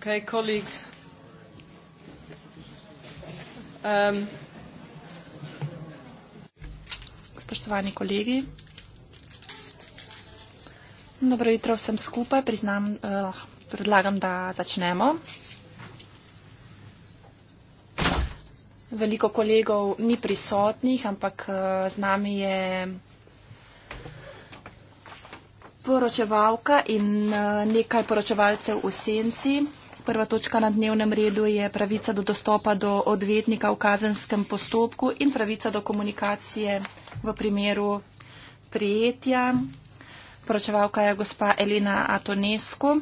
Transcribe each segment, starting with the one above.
Okay, colleagues. Um, Spoštovani kolegi, dobro jutro vsem skupaj, priznam, eh, predlagam, da začnemo. Veliko kolegov ni prisotnih, ampak eh, z nami je poročevalka in eh, nekaj poročevalcev v senci. Prva točka na dnevnem redu je pravica do dostopa do odvetnika v kazenskem postopku in pravica do komunikacije v primeru prijetja. Poročevalka je gospa Elina Atonesko.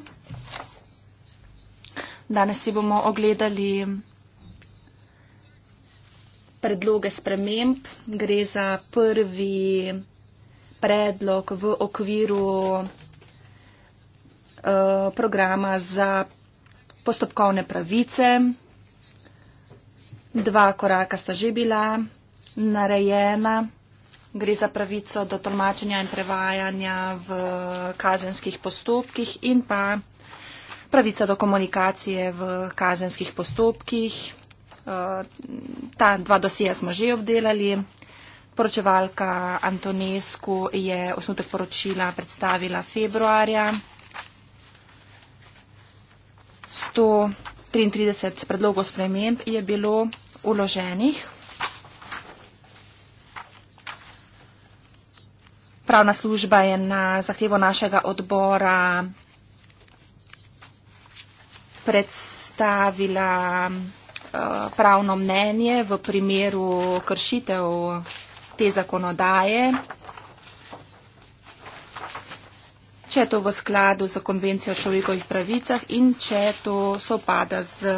Danes si bomo ogledali predloge sprememb. Gre za prvi predlog v okviru eh, programa za postopkovne pravice. Dva koraka sta že bila narejena. Gre za pravico do tolmačenja in prevajanja v kazenskih postopkih in pa pravica do komunikacije v kazenskih postopkih. Eh, ta dva dosija smo že obdelali. Poročevalka Antonescu je osnutek poročila predstavila februarja. 133 predlogov sprememb je bilo uloženih. Pravna služba je na zahtevo našega odbora predstavila eh, pravno mnenje v primeru kršitev te zakonodaje. če je to v skladu z konvencijo o človekovih pravicah in če to sopada z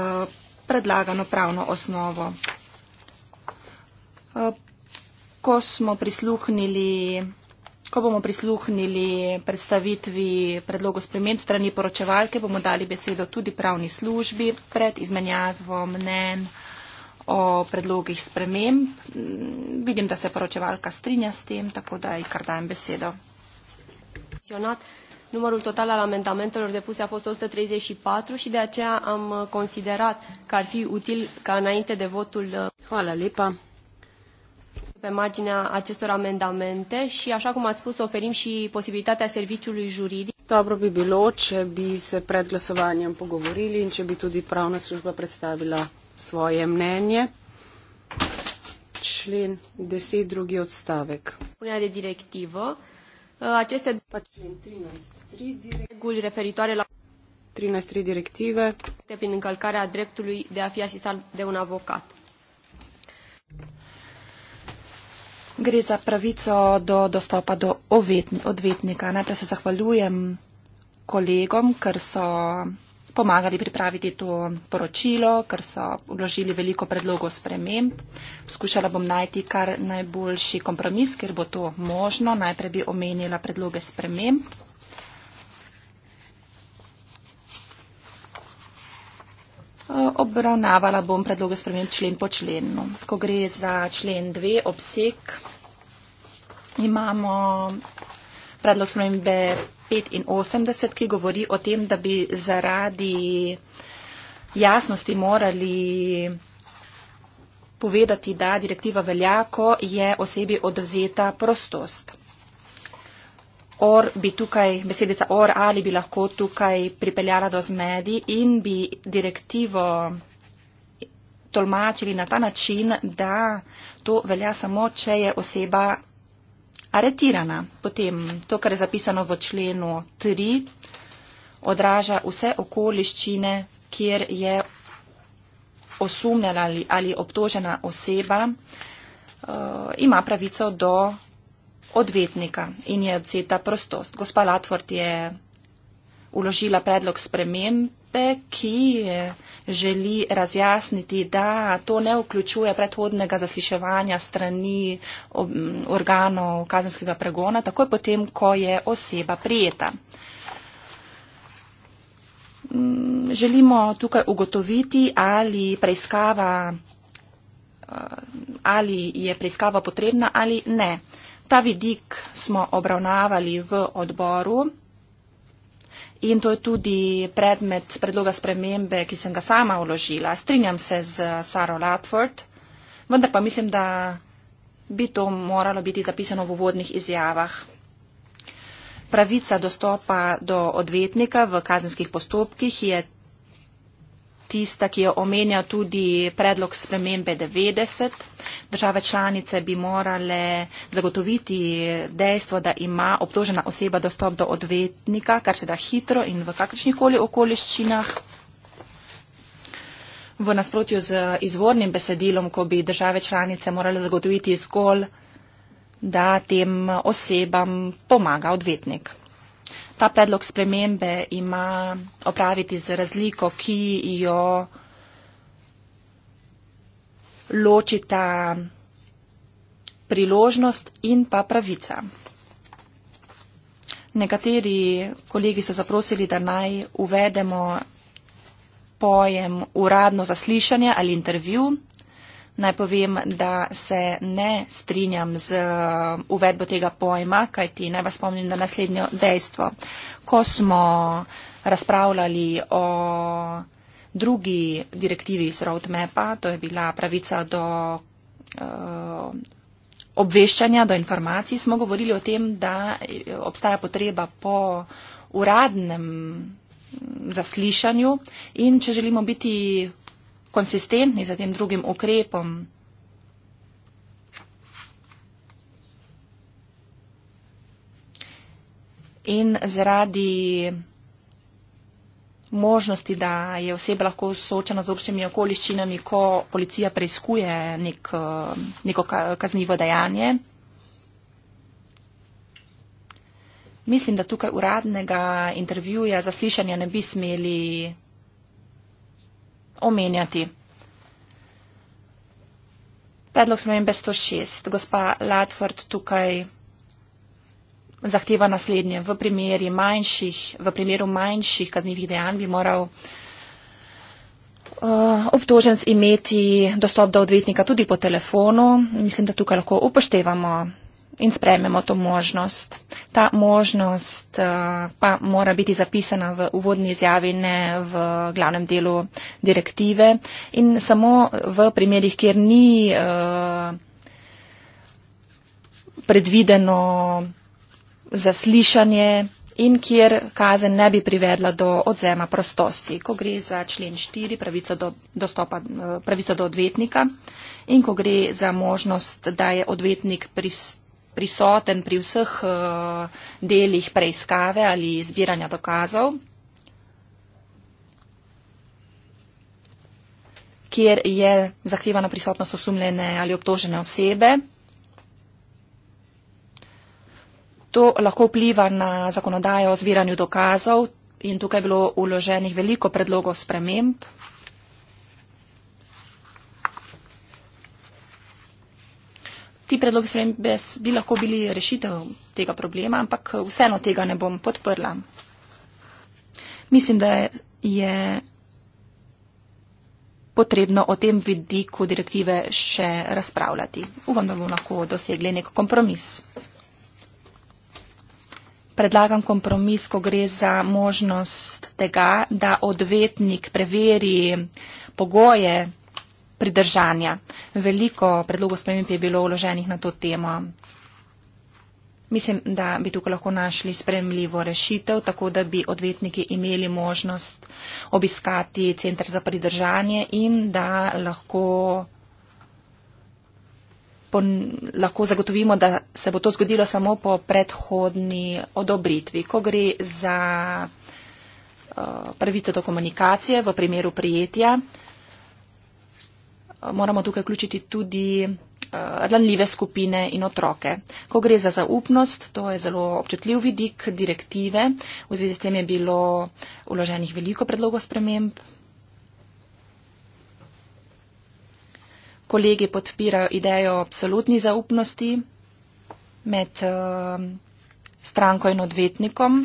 predlagano pravno osnovo. E, ko smo prisluhnili, ko bomo prisluhnili predstavitvi predlogu sprememb strani poročevalke, bomo dali besedo tudi pravni službi pred izmenjavo mnen o predlogih sprememb. Vidim, da se poročevalka strinja s tem, tako da ji kar dajem besedo. You're not. Numărul total al amendamentelor depuse a fost 134 și de aceea am uh, considerat că ar fi util ca înainte de votul Hoala uh, Lipa pe marginea acestor amendamente și așa cum ați spus oferim și posibilitatea serviciului juridic Dobro bi bilo, če bi se pred glasovanjem pogovorili in če bi tudi pravna služba predstavila svoje mnenje. Člen 10, drugi odstavek. Unija je direktiva aceste reguli referitoare la 13 directive prin încălcarea dreptului de a fi asistat de un avocat. Gre za pravico do dostopa do odvetnika. Najprej se zahvaljujem kolegom, ker so pomagali pripraviti to poročilo, ker so vložili veliko predlogov sprememb. Skušala bom najti kar najboljši kompromis, ker bo to možno. Najprej bi omenila predloge sprememb. Obravnavala bom predloge sprememb člen po členu. Ko gre za člen 2, obseg, imamo predlog spremembe 85, ki govori o tem, da bi zaradi jasnosti morali povedati, da direktiva velja, ko je osebi odvzeta prostost. Or bi tukaj, besedica or ali bi lahko tukaj pripeljala do zmedi in bi direktivo tolmačili na ta način, da to velja samo, če je oseba aretirana. Potem to, kar je zapisano v členu 3, odraža vse okoliščine, kjer je osumljena ali, ali obtožena oseba, uh, ima pravico do odvetnika in je odseta prostost. Gospa Latvort je uložila predlog spremembe, ki je. Uh, želi razjasniti, da to ne vključuje predhodnega zasliševanja strani organov kazenskega pregona, takoj potem, ko je oseba prijeta. Mm, želimo tukaj ugotoviti, ali, preiskava, eh, ali je preiskava potrebna ali ne. Ta vidik smo obravnavali v odboru. In to je tudi predmet predloga spremembe, ki sem ga sama vložila. Strinjam se z Saro Latford, vendar pa mislim, da bi to moralo biti zapisano v uvodnih izjavah. Pravica dostopa do odvetnika v kazenskih postopkih je tista, ki jo omenja tudi predlog spremembe 90. Države članice bi morale zagotoviti dejstvo, da ima obtožena oseba dostop do odvetnika, kar se da hitro in v kakršnih koli okoliščinah. V nasprotju z izvornim besedilom, ko bi države članice morale zagotoviti zgolj, da tem osebam pomaga odvetnik. Ta predlog spremembe ima opraviti z razliko, ki jo ločita priložnost in pa pravica. Nekateri kolegi so zaprosili, da naj uvedemo pojem uradno zaslišanje ali intervju. Naj povem, da se ne strinjam z uh, uvedbo tega pojma, kajti naj vas spomnim na naslednjo dejstvo. Ko smo razpravljali o drugi direktivi iz roadmapa, to je bila pravica do eh, obveščanja, do informacij, smo govorili o tem, da eh, obstaja potreba po uradnem mm, zaslišanju in če želimo biti konsistentni za tem drugim ukrepom, In zaradi možnosti, da je oseba lahko soočena z občimi okoliščinami, ko policija preizkuje nek, eh, neko kaznivo dejanje. Mislim, da tukaj uradnega intervjuja zaslišanja ne bi smeli omenjati. Predlog smo imeli 106. Gospa Latford tukaj zahteva naslednje. V, manjših, v primeru manjših kaznjivih dejanj bi moral uh, eh, obtoženc imeti dostop do odvetnika tudi po telefonu. Mislim, da tukaj lahko upoštevamo in sprejmemo to možnost. Ta možnost uh, pa mora biti zapisana v uvodni izjavi, ne v glavnem delu direktive. In samo v primerih, kjer ni uh, predvideno zaslišanje in kjer kazen ne bi privedla do odzema prostosti, ko gre za člen 4, pravico do, dostopa, eh, pravico do odvetnika in ko gre za možnost, da je odvetnik pris, prisoten pri vseh eh, delih preiskave ali zbiranja dokazov, kjer je zahtevana prisotnost osumljene ali obtožene osebe. To lahko vpliva na zakonodajo o zbiranju dokazov in tukaj je bilo uloženih veliko predlogov sprememb. Ti predlogi spremembe bi lahko bili rešitev tega problema, ampak vseeno tega ne bom podprla. Mislim, da je potrebno o tem vidiku direktive še razpravljati. Upam, da bomo lahko dosegli nek kompromis predlagan kompromis, ko gre za možnost tega, da odvetnik preveri pogoje pridržanja. Veliko predlogov sprememb je bilo vloženih na to temo. Mislim, da bi tukaj lahko našli spremljivo rešitev, tako da bi odvetniki imeli možnost obiskati centr za pridržanje in da lahko po, lahko zagotovimo, da se bo to zgodilo samo po predhodni odobritvi. Ko gre za eh, pravico do komunikacije v primeru prijetja, eh, moramo tukaj vključiti tudi eh, ranljive skupine in otroke. Ko gre za zaupnost, to je zelo občutljiv vidik direktive. V zvezi s tem je bilo uloženih veliko predlogov sprememb kolegi podpirajo idejo absolutni zaupnosti med eh, stranko in odvetnikom.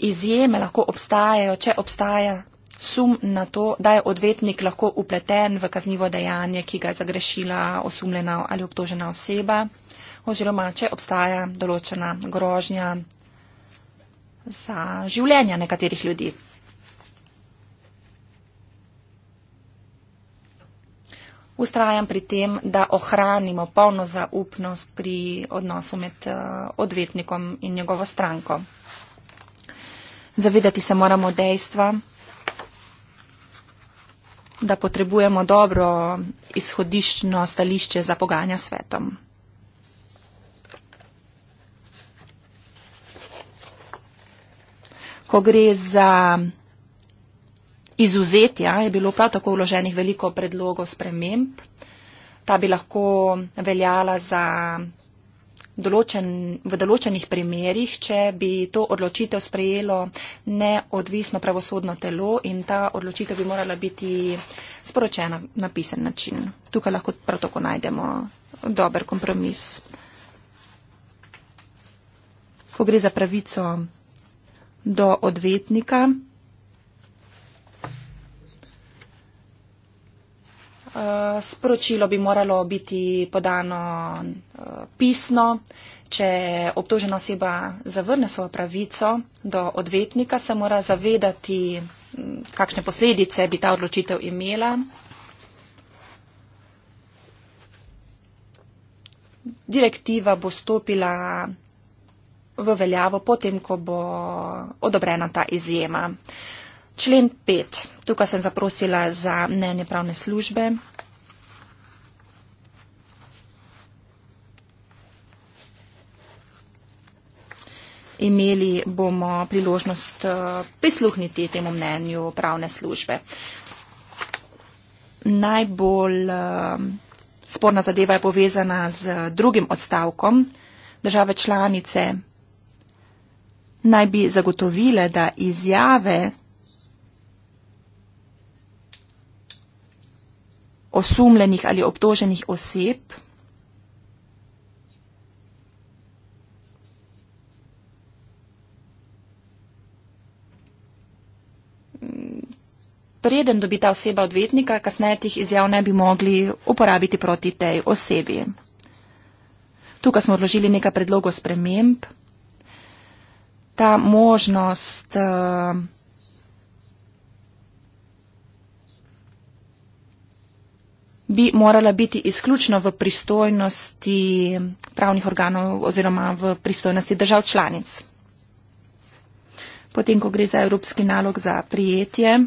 Izjeme lahko obstajajo, če obstaja sum na to, da je odvetnik lahko upleten v kaznivo dejanje, ki ga je zagrešila osumljena ali obtožena oseba, oziroma če obstaja določena grožnja za življenja nekaterih ljudi. ustrajam pri tem, da ohranimo polno zaupnost pri odnosu med eh, odvetnikom in njegovo stranko. Zavedati se moramo dejstva, da potrebujemo dobro izhodiščno stališče za poganja svetom. Ko gre za izuzetja je bilo prav tako vloženih veliko predlogov sprememb. Ta bi lahko veljala za določen, v določenih primerjih, če bi to odločitev sprejelo neodvisno pravosodno telo in ta odločitev bi morala biti sporočena na pisen način. Tukaj lahko prav tako najdemo dober kompromis. Ko gre za pravico do odvetnika, Eh, sporočilo bi moralo biti podano eh, pisno. Če obtožena oseba zavrne svojo pravico do odvetnika, se mora zavedati, kakšne posledice bi ta odločitev imela. Direktiva bo stopila v veljavo potem, ko bo odobrena ta izjema. Člen 5 tukaj sem zaprosila za mnenje pravne službe. Imeli bomo priložnost eh, prisluhniti temu mnenju pravne službe. Najbolj eh, sporna zadeva je povezana z drugim odstavkom. Države članice naj bi zagotovile, da izjave osumljenih ali obtoženih oseb. Preden dobi ta oseba odvetnika, kasneje tih izjav ne bi mogli uporabiti proti tej osebi. Tukaj smo odložili nekaj predlogov sprememb. Ta možnost uh, bi morala biti izključno v pristojnosti pravnih organov oziroma v pristojnosti držav članic. Potem, ko gre za evropski nalog za prijetje,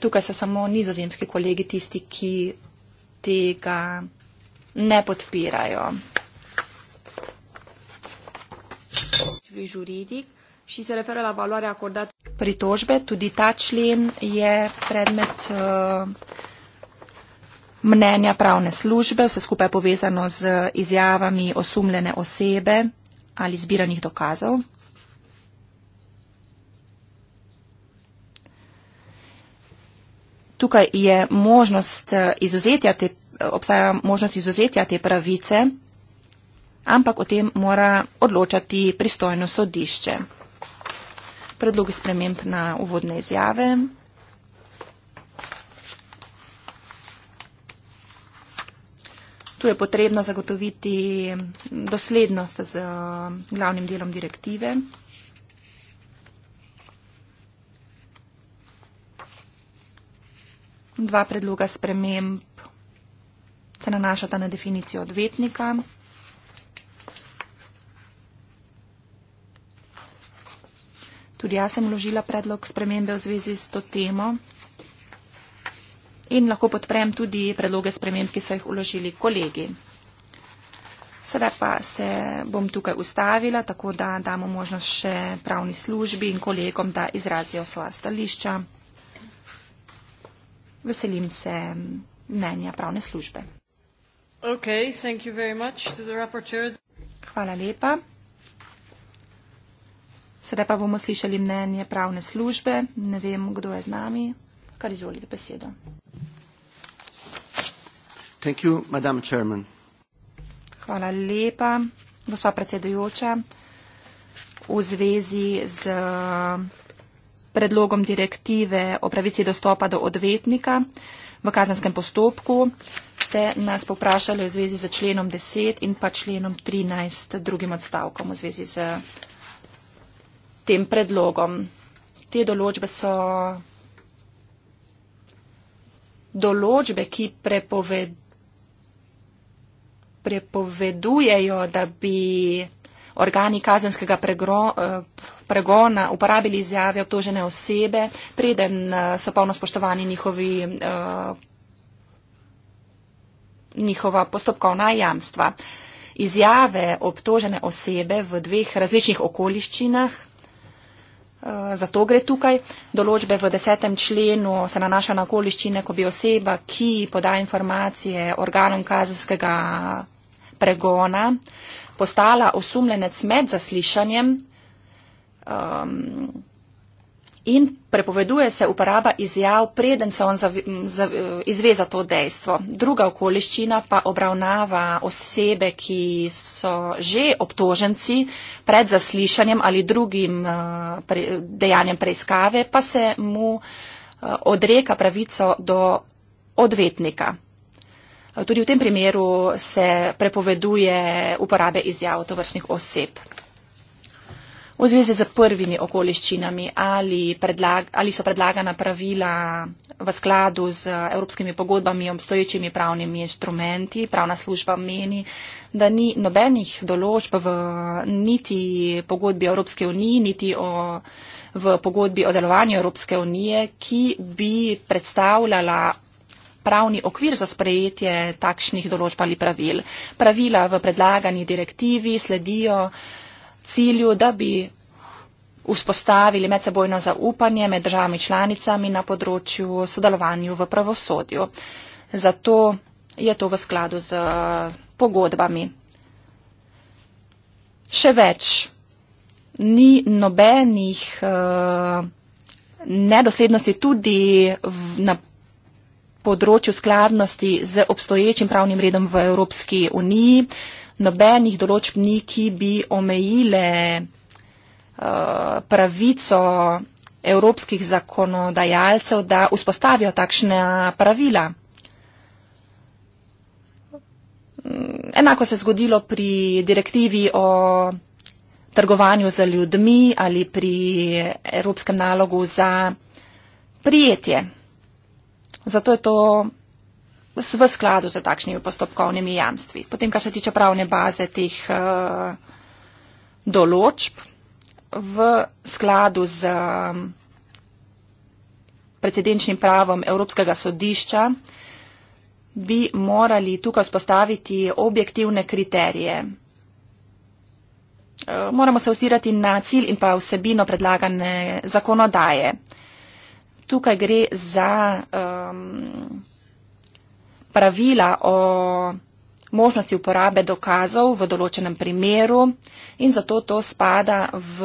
tukaj so samo nizozemski kolegi tisti, ki tega ne podpirajo. Juridik și se referă la valoarea acordată. Pritojbe, tudi ta člen je predmet uh, mnenja pravne službe, vse skupaj je povezano z izjavami osumljene osebe ali zbiranih dokazov. Tukaj je možnost uh, izuzetja te, uh, obstaja možnost izuzetja te pravice, ampak o tem mora odločati pristojno sodišče predlogi sprememb na uvodne izjave. Tu je potrebno zagotoviti doslednost z eh, glavnim delom direktive. Dva predloga sprememb se nanašata na definicijo odvetnika. Tudi jaz sem vložila predlog spremembe v zvezi s to temo in lahko podprem tudi predloge sprememb, ki so jih vložili kolegi. Sedaj pa se bom tukaj ustavila, tako da damo možnost še pravni službi in kolegom, da izrazijo svoja stališča. Veselim se mnenja pravne službe. Okay, Hvala lepa. Sedaj pa bomo slišali mnenje pravne službe. Ne vem, kdo je z nami. Kar izvolite besedo. You, Hvala lepa, gospa predsedujoča. V zvezi z predlogom direktive o pravici dostopa do odvetnika v kazenskem postopku ste nas poprašali v zvezi z členom 10 in pa členom 13 drugim odstavkom v zvezi z tem predlogom. Te določbe so določbe, ki preved, prepovedujejo, da bi organi kazenskega pregro, eh, pregona uporabili izjave obtožene osebe, preden eh, so polno spoštovani njihovi, eh, njihova postopkovna jamstva. Izjave obtožene osebe v dveh različnih okoliščinah zato gre tukaj. Določbe v desetem členu se nanaša na okoliščine, ko bi oseba, ki poda informacije organom kazenskega pregona, postala osumljenec med zaslišanjem. Um, in prepoveduje se uporaba izjav, preden se on izve za to dejstvo. Druga okoliščina pa obravnava osebe, ki so že obtoženci pred zaslišanjem ali drugim eh, dejanjem preiskave, pa se mu eh, odreka pravico do odvetnika. Tudi v tem primeru se prepoveduje uporabe izjav tovrstnih oseb. V zvezi z prvimi okoliščinami, ali, predlag, ali so predlagana pravila v skladu z evropskimi pogodbami, obstoječimi pravnimi instrumenti, pravna služba meni, da ni nobenih določb v niti pogodbi Evropske unije, niti o, v pogodbi o delovanju Evropske unije, ki bi predstavljala pravni okvir za sprejetje takšnih določb ali pravil. Pravila v predlagani direktivi sledijo cilju, da bi vzpostavili medsebojno zaupanje med državami članicami na področju sodelovanju v pravosodju. Zato je to v skladu z pogodbami. Še več, ni nobenih eh, nedoslednosti tudi na področju skladnosti z obstoječim pravnim redom v Evropski uniji nobenih določb ni, ki bi omejile uh, pravico evropskih zakonodajalcev, da vzpostavijo takšne pravila. Mm, enako se je zgodilo pri direktivi o trgovanju za ljudmi ali pri evropskem nalogu za prijetje. Zato je to v skladu z takšnimi postopkovnimi jamstvi. Potem, kar se tiče pravne baze teh uh, določb, v skladu z um, precedenčnim pravom Evropskega sodišča bi morali tukaj spostaviti objektivne kriterije. Uh, moramo se usirati na cilj in pa vsebino predlagane zakonodaje. Tukaj gre za. Um, pravila o možnosti uporabe dokazov v določenem primeru in zato to spada v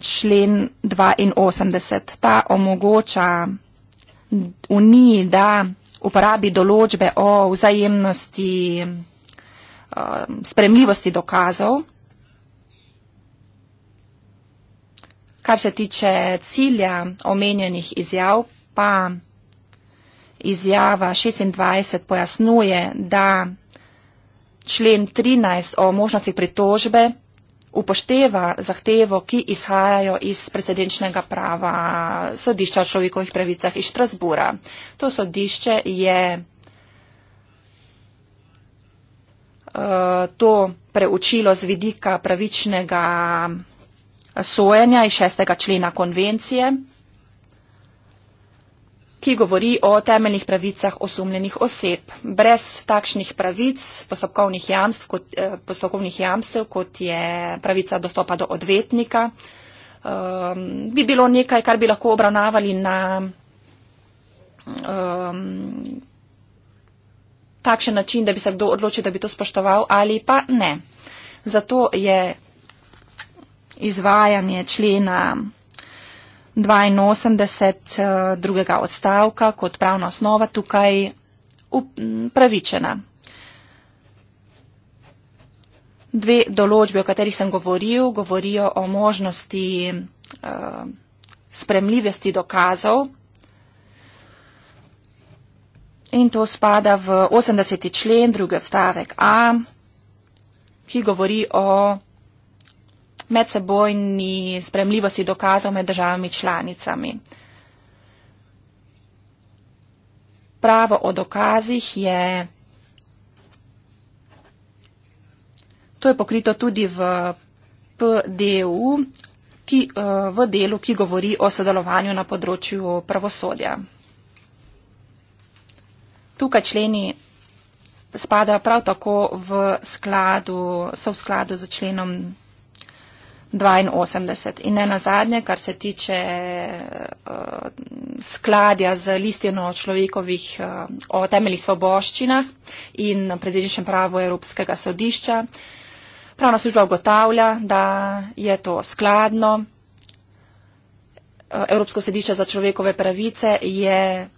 člen 82. Ta omogoča Uniji, da uporabi določbe o vzajemnosti um, spremljivosti dokazov. Kar se tiče cilja omenjenih izjav, pa izjava 26 pojasnjuje, da člen 13 o možnosti pritožbe upošteva zahtevo, ki izhajajo iz precedenčnega prava sodišča o človekovih pravicah iz Strasbura. To sodišče je eh, to preučilo z vidika pravičnega sojenja iz šestega člena konvencije ki govori o temeljnih pravicah osumljenih oseb. Brez takšnih pravic, postopkovnih jamstv, kot, eh, postopkovnih jamstv, kot je pravica dostopa do odvetnika, um, bi bilo nekaj, kar bi lahko obravnavali na um, takšen način, da bi se kdo odločil, da bi to spoštoval ali pa ne. Zato je izvajanje člena 82 eh, drugega odstavka kot pravna osnova tukaj upravičena. Dve določbe, o katerih sem govoril, govorijo o možnosti uh, spremljivosti dokazov in to spada v 80. člen, drugi odstavek A, ki govori o medsebojni spremljivosti dokazov med državami članicami. Pravo o dokazih je, to je pokrito tudi v PDU, ki, eh, v delu, ki govori o sodelovanju na področju pravosodja. Tukaj členi spadajo prav tako v skladu, so v skladu z členom 82. In ne na zadnje, kar se tiče uh, skladja z listino o človekovih, uh, o temeljih svoboščinah in predsedničnem pravu Evropskega sodišča, pravna služba ugotavlja, da je to skladno. Eh, Evropsko sodišče za človekove pravice je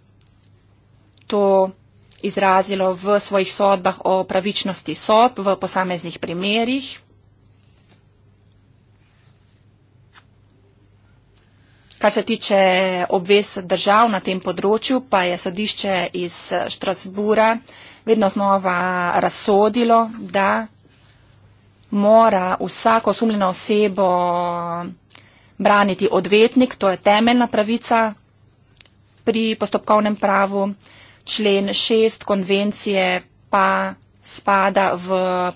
to izrazilo v svojih sodbah o pravičnosti sodb v posameznih primerjih. Kar se tiče obvez držav na tem področju, pa je sodišče iz Štrasbura vedno znova razsodilo, da mora vsako osumljeno osebo braniti odvetnik, to je temeljna pravica pri postopkovnem pravu. Člen 6 konvencije pa spada v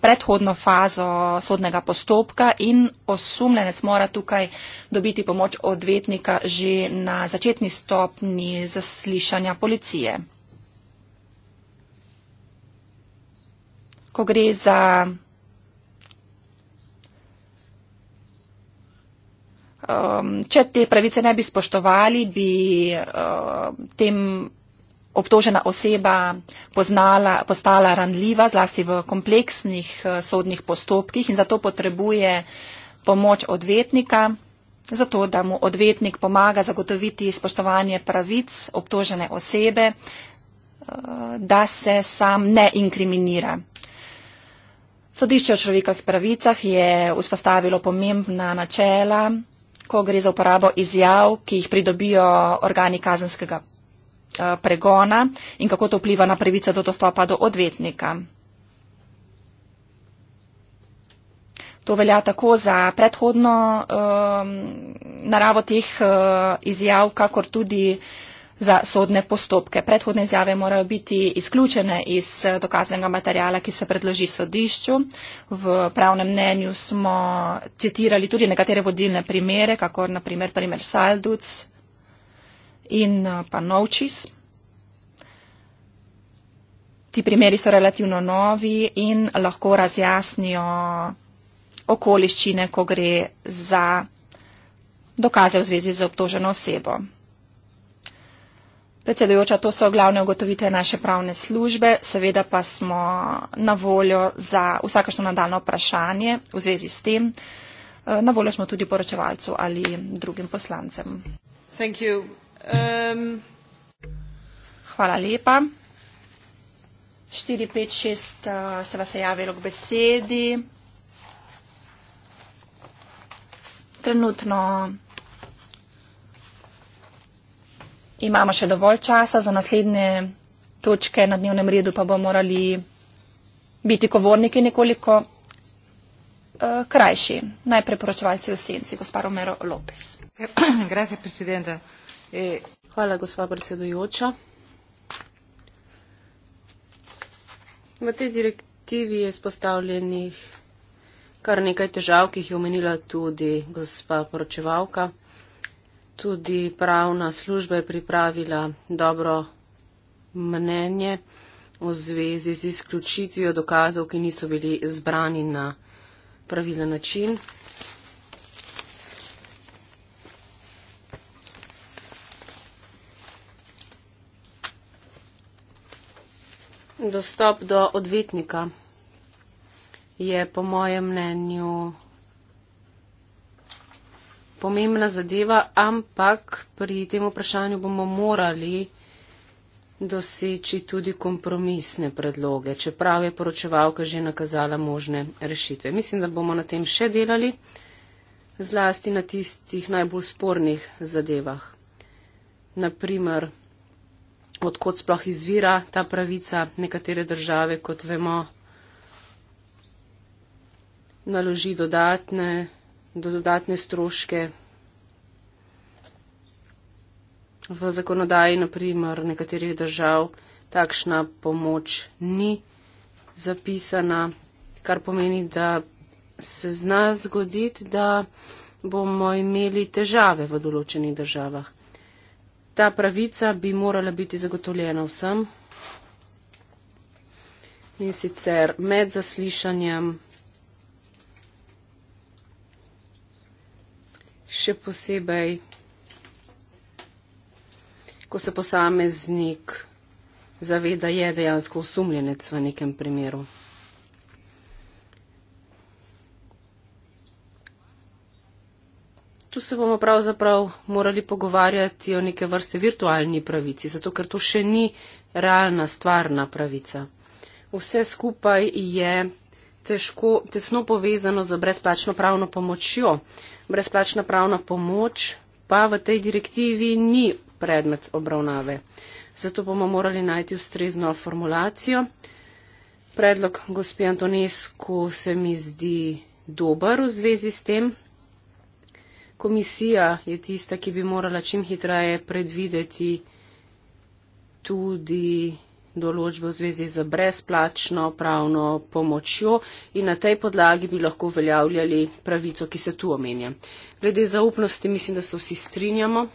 predhodno fazo sodnega postopka in osumljenec mora tukaj dobiti pomoč odvetnika že na začetni stopni zaslišanja policije. Ko gre za um, Če te pravice ne bi spoštovali, bi uh, tem obtožena oseba poznala, postala ranljiva, zlasti v kompleksnih eh, sodnih postopkih in zato potrebuje pomoč odvetnika, zato da mu odvetnik pomaga zagotoviti spoštovanje pravic obtožene osebe, eh, da se sam ne inkriminira. Sodišče o človekovih pravicah je vzpostavilo pomembna načela, ko gre za uporabo izjav, ki jih pridobijo organi kazenskega Eh, pregona in kako to vpliva na pravice do dostopa do odvetnika. To velja tako za predhodno um, naravo teh uh, izjav, kakor tudi za sodne postopke. Predhodne izjave morajo biti izključene iz eh, dokaznega materijala, ki se predloži sodišču. V pravnem mnenju smo citirali tudi nekatere vodilne primere, kakor naprimer primer Salduc, in eh, pa Novčis. Ti primeri so relativno novi in lahko razjasnijo okoliščine, ko gre za dokaze v zvezi z obtoženo osebo. Predsedujoča, to so glavne ugotovitve naše pravne službe, seveda pa smo na voljo za vsakašno nadaljno vprašanje v zvezi s tem. Eh, na voljo smo tudi poročevalcu ali drugim poslancem. Thank you. Ehm, hvala lepa. 4, 5, 6 se vas je javilo k besedi. Trenutno imamo še dovolj časa za naslednje točke na dnevnem redu, pa bomo morali biti kovorniki nekoliko uh, krajši. Najprej poročevalci v senci, gospod Romero Lopes. Hvala, predsednica. E, hvala, gospa predsedujoča. V tej direktivi je spostavljenih kar nekaj težav, ki jih je omenila tudi gospa poročevalka. Tudi pravna služba je pripravila dobro mnenje v zvezi z izključitvijo dokazov, ki niso bili zbrani na pravilen način. dostop do odvetnika je po mojem mnenju pomembna zadeva, ampak pri tem vprašanju bomo morali doseči tudi kompromisne predloge, čeprav je poročevalka že nakazala možne rešitve. Mislim, da bomo na tem še delali, zlasti na tistih najbolj spornih zadevah. Naprimer, odkot sploh izvira ta pravica. Nekatere države, kot vemo, naloži dodatne, dodatne stroške v zakonodaji, naprimer nekaterih držav takšna pomoč ni zapisana, kar pomeni, da se zna zgoditi, da bomo imeli težave v določenih državah ta pravica bi morala biti zagotovljena vsem. In sicer med zaslišanjem, še posebej, ko se posameznik zaveda, je dejansko osumljenec v nekem primeru. tu se bomo pravzaprav morali pogovarjati o neke vrste virtualni pravici, zato ker to še ni realna, stvarna pravica. Vse skupaj je težko, tesno povezano z brezplačno pravno pomočjo. Brezplačna pravna pomoč pa v tej direktivi ni predmet obravnave. Zato bomo morali najti ustrezno formulacijo. Predlog gospe Antonesku se mi zdi dober v zvezi s tem komisija je tista, ki bi morala čim hitreje predvideti tudi določbo v zvezi z brezplačno pravno pomočjo in na tej podlagi bi lahko uveljavljali pravico, ki se tu omenja. Glede zaupnosti mislim, da se vsi strinjamo.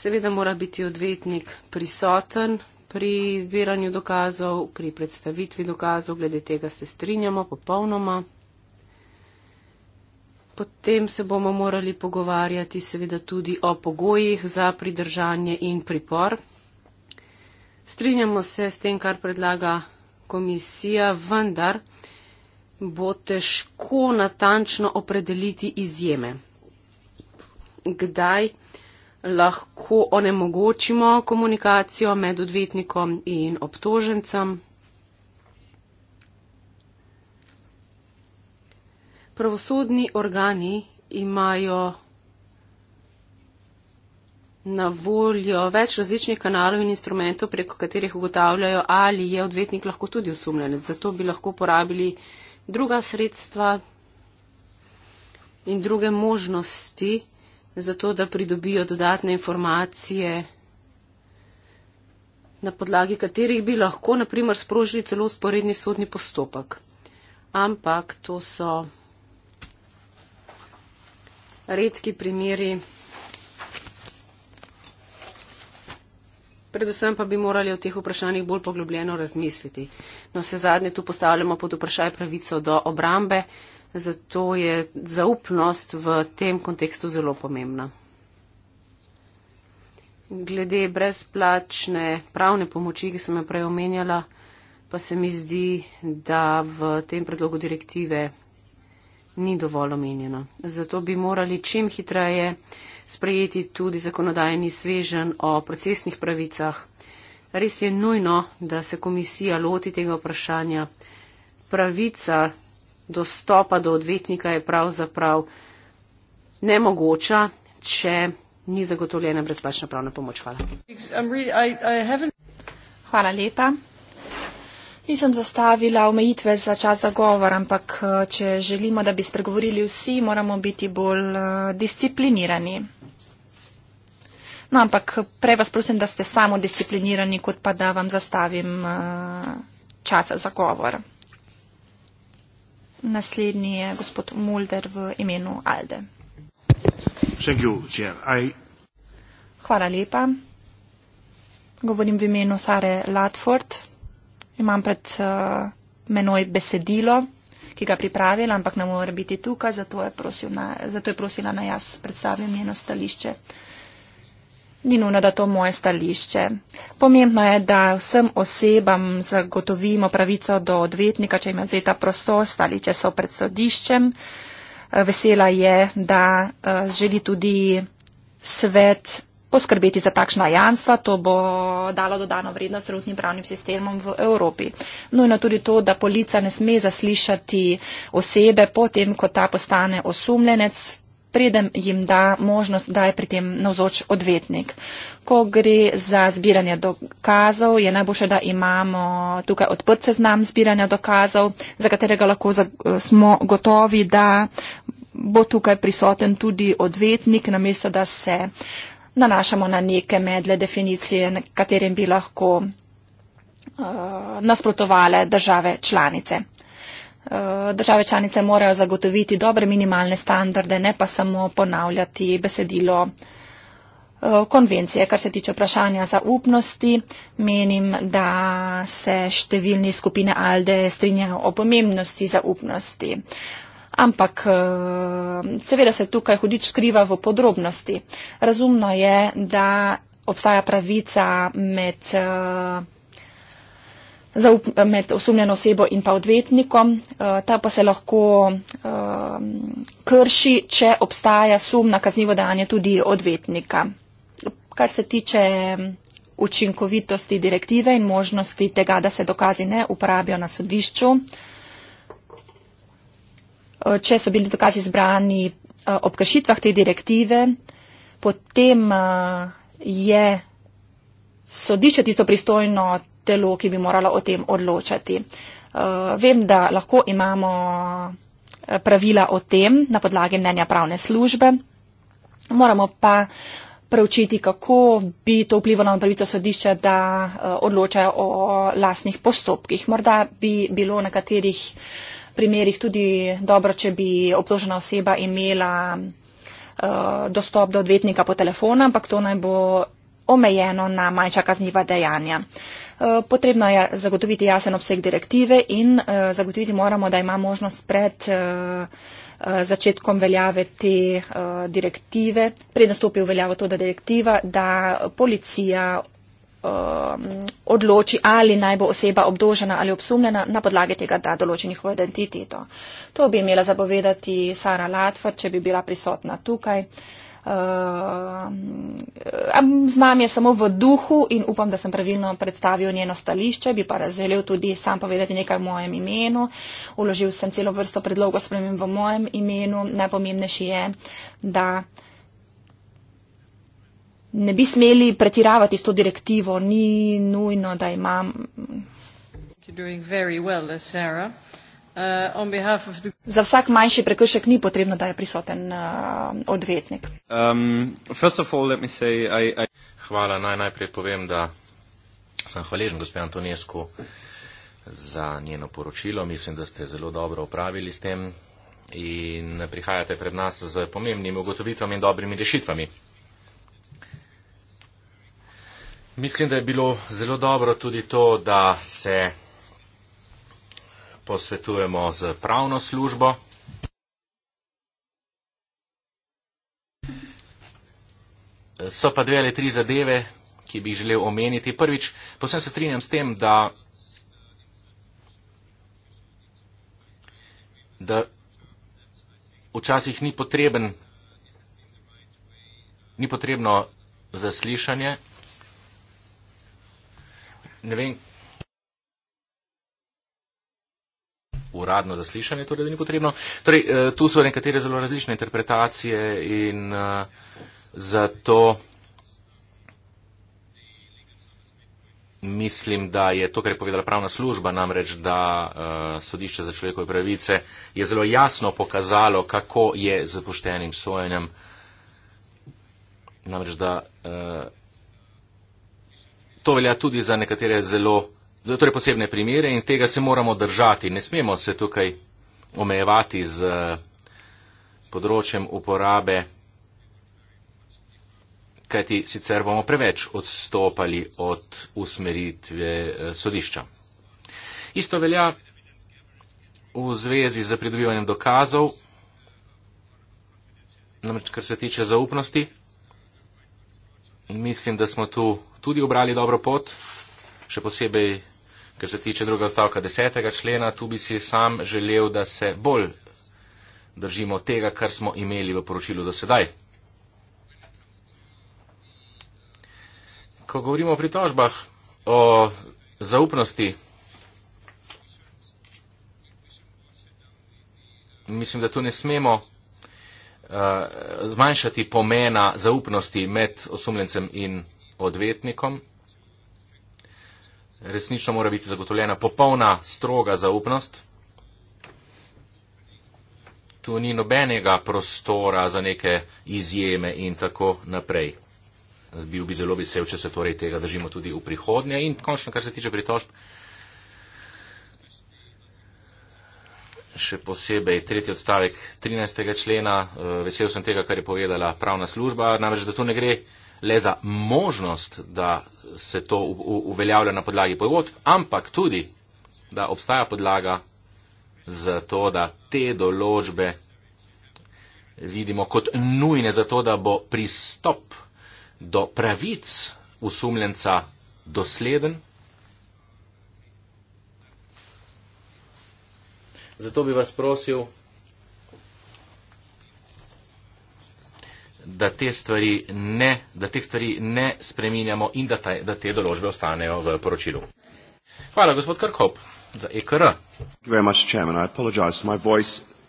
Seveda mora biti odvetnik prisoten pri izbiranju dokazov, pri predstavitvi dokazov, glede tega se strinjamo popolnoma potem se bomo morali pogovarjati seveda tudi o pogojih za pridržanje in pripor. Strinjamo se s tem, kar predlaga komisija, vendar bo težko natančno opredeliti izjeme. Kdaj lahko onemogočimo komunikacijo med odvetnikom in obtožencem? pravosodni organi imajo na voljo več različnih kanalov in instrumentov, preko katerih ugotavljajo, ali je odvetnik lahko tudi osumljenec. Zato bi lahko uporabili druga sredstva in druge možnosti, zato da pridobijo dodatne informacije, na podlagi katerih bi lahko, naprimer, sprožili celo sporedni sodni postopek. Ampak to so redki primeri. Predvsem pa bi morali o teh vprašanjih bolj poglobljeno razmisliti. No, vse zadnje tu postavljamo pod vprašaj pravico do obrambe, zato je zaupnost v tem kontekstu zelo pomembna. Glede brezplačne pravne pomoči, ki sem jo prej omenjala, pa se mi zdi, da v tem predlogu direktive ni dovolj omenjena. Zato bi morali čim hitreje sprejeti tudi zakonodajni svežen o procesnih pravicah. Res je nujno, da se komisija loti tega vprašanja. Pravica dostopa do odvetnika je pravzaprav nemogoča, če ni zagotovljena brezplačna pravna pomoč. Hvala. Hvala lepa nisem zastavila omejitve za čas za govor, ampak eh, če želimo, da bi spregovorili vsi, moramo biti bolj eh, disciplinirani. No, ampak prej vas prosim, da ste samo disciplinirani, kot pa da vam zastavim eh, čas za govor. Naslednji je gospod Mulder v imenu Alde. You, I... Hvala lepa. Govorim v imenu Sare Latford imam pred uh, menoj besedilo, ki ga pripravila, ampak ne mora biti tukaj, zato je, na, zato je prosila na jaz predstavljam njeno stališče. Ni nujno, da to moje stališče. Pomembno je, da vsem osebam zagotovimo pravico do odvetnika, če ima zdaj ta prostost ali če so pred sodiščem. Eh, vesela je, da eh, želi tudi svet poskrbeti za takšna jamstva, to bo dalo dodano vrednost trenutnim pravnim sistemom v Evropi. Nujno tudi to, da polica ne sme zaslišati osebe potem, ko ta postane osumljenec predem jim da možnost, da je pri tem navzoč odvetnik. Ko gre za zbiranje dokazov, je najboljše, da imamo tukaj odprt seznam zbiranja dokazov, za katerega lahko za, eh, smo gotovi, da bo tukaj prisoten tudi odvetnik, namesto da se uh, nanašamo na neke medle definicije, katerim bi lahko uh, nasprotovale države članice. Uh, države članice morajo zagotoviti dobre minimalne standarde, ne pa samo ponavljati besedilo uh, konvencije. Kar se tiče vprašanja zaupnosti, menim, da se številni skupine ALDE strinjajo o pomembnosti zaupnosti. Uh, Ampak eh, seveda se tukaj hudič skriva v podrobnosti. Razumno je, da obstaja pravica med, eh, med osumljeno osebo in pa odvetnikom. Eh, ta pa se lahko krši, če obstaja sum na kaznivo dejanje tudi odvetnika. Kar se tiče učinkovitosti direktive in možnosti tega, da se dokazi ne uporabijo na sodišču, če so bili dokazi zbrani eh, ob kršitvah te direktive, potem eh, je sodišče tisto pristojno telo, ki bi moralo o tem odločati. Eh, vem, da lahko imamo pravila o tem na podlagi mnenja pravne službe, moramo pa preučiti, kako bi to vplivalo na pravico sodišča, da odločajo o lastnih postopkih. Morda bi bilo nekaterih uh, primerih tudi dobro, če bi obtožena oseba imela eh, dostop do odvetnika po telefonu, ampak to naj bo omejeno na manjša kazniva dejanja. Eh, potrebno je zagotoviti jasen obseg direktive in eh, zagotoviti moramo, da ima možnost pred začetkom veljave te direktive, pred nastopi v veljavo to, da direktiva, da policija um, odloči, ali naj bo oseba obdožena ali obsumljena na podlagi tega, da določi njihovo identiteto. To bi imela zapovedati Sara Latvar, če bi bila prisotna tukaj. Uh, um, um, znam je samo v duhu in upam, da sem pravilno predstavil njeno stališče, bi pa želel tudi sam povedati nekaj v mojem imenu. Uložil sem celo vrsto predlogov spremem v mojem imenu. Najpomembnejši je, da uh, ne bi smeli pretiravati s to direktivo. Ni nujno, da imam. Well, uh, uh the... Za vsak manjši prekršek ni potrebno, da je prisoten uh, odvetnik. Um, all, say, I, I... Hvala. Naj najprej povem, da sem hvaležen gospodinu Antonijesku za njeno poročilo. Mislim, da ste zelo dobro upravili s tem in prihajate pred nas z pomembnimi ugotovitvami in dobrimi rešitvami. Mislim, da je bilo zelo dobro tudi to, da se posvetujemo z pravno službo. So pa dve ali tri zadeve, ki bi jih želel omeniti. Prvič, posebno se strinjam s tem, da, da včasih ni, potreben, ni potrebno zaslišanje, ne vem, uradno zaslišanje, torej da ni potrebno. Torej, eh, tu so nekatere zelo različne interpretacije in eh, zato mislim, da je to, kar je povedala pravna služba, namreč, da eh, sodišče za človekove pravice je zelo jasno pokazalo, kako je z poštenim sojenjem. Namreč, da to velja tudi za nekatere zelo, torej posebne primere in tega se moramo držati. Ne smemo se tukaj omejevati z eh, področjem uporabe, kajti sicer bomo preveč odstopali od usmeritve eh, sodišča. Isto velja v zvezi z pridobivanjem dokazov, namreč kar se tiče zaupnosti. Mislim, da smo tu tudi obrali dobro pot, še posebej, kar se tiče druga stavka desetega člena, tu bi si sam želel, da se bolj držimo tega, kar smo imeli v poročilu do sedaj. Ko govorimo o pritožbah, o zaupnosti, mislim, da tu ne smemo uh, zmanjšati pomena zaupnosti med osumljencem in odvetnikom. Resnično mora biti zagotovljena popolna stroga zaupnost. Tu ni nobenega prostora za neke izjeme in tako naprej. Bil bi zelo vesel, če se torej tega držimo tudi v prihodnje. In končno, kar se tiče pritožb, še posebej tretji odstavek 13. člena, eh, vesel sem tega, kar je povedala pravna služba, namreč, da tu ne gre le za možnost, da se to uveljavlja na podlagi pogodb, ampak tudi, da obstaja podlaga za to, da te določbe vidimo kot nujne, zato da bo pristop do pravic usumljenca dosleden. Zato bi vas prosil, da, te stvari ne, da teh stvari ne spreminjamo in da, taj, da te določbe ostanejo v poročilu. Hvala, gospod Krkop, za EKR.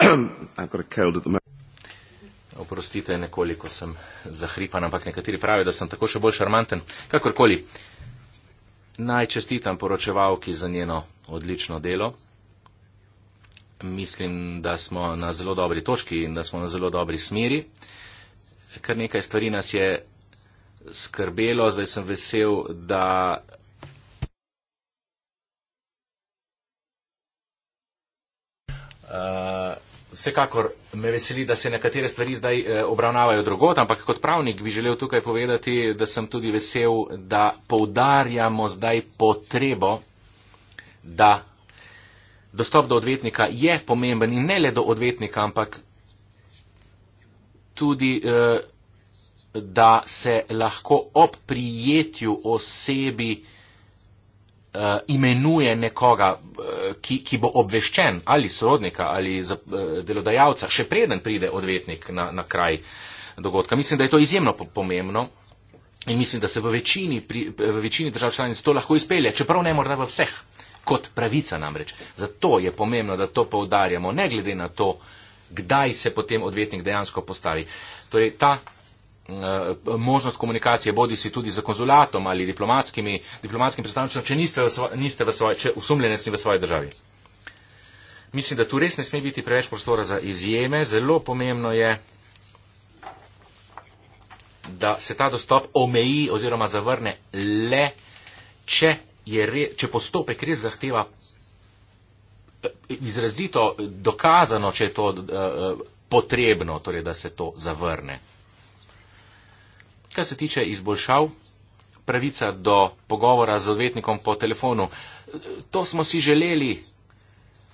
Oprostite, nekoliko sem zahripan, ampak nekateri pravijo, da sem tako še bolj šarmanten. Kakorkoli, naj čestitam poročevalki za njeno odlično delo. Mislim, da smo na zelo dobri točki in da smo na zelo dobri smeri kar nekaj stvari nas je skrbelo, zdaj sem vesel, da. Uh, vsekakor me veseli, da se nekatere stvari zdaj uh, obravnavajo drugot, ampak kot pravnik bi želel tukaj povedati, da sem tudi vesel, da poudarjamo zdaj potrebo, da dostop do odvetnika je pomemben in ne le do odvetnika, ampak tudi, eh, da se lahko ob prijetju osebi eh, imenuje nekoga, eh, ki, ki bo obveščen ali sorodnika ali delodajalca, še preden pride odvetnik na, na kraj dogodka. Mislim, da je to izjemno pomembno. In mislim, da se v večini, pri, v večini držav članic to lahko izpelje, čeprav ne morda v vseh, kot pravica namreč. Zato je pomembno, da to poudarjamo, ne glede na to, uh, kdaj se potem odvetnik dejansko postavi. Torej, ta eh, možnost komunikacije, bodi si tudi za konzulatom ali diplomatskim predstavnicom, če niste v svoji, niste v svoji, če usumljene ste v svoji državi. Mislim, da tu res ne sme biti preveč prostora za izjeme. Zelo pomembno je, da se ta dostop omeji oziroma zavrne le, če, je, če postopek res zahteva izrazito dokazano, če je to eh, potrebno, torej, da se to zavrne. Kar se tiče izboljšav, pravica do pogovora z odvetnikom po telefonu, eh, to smo si želeli,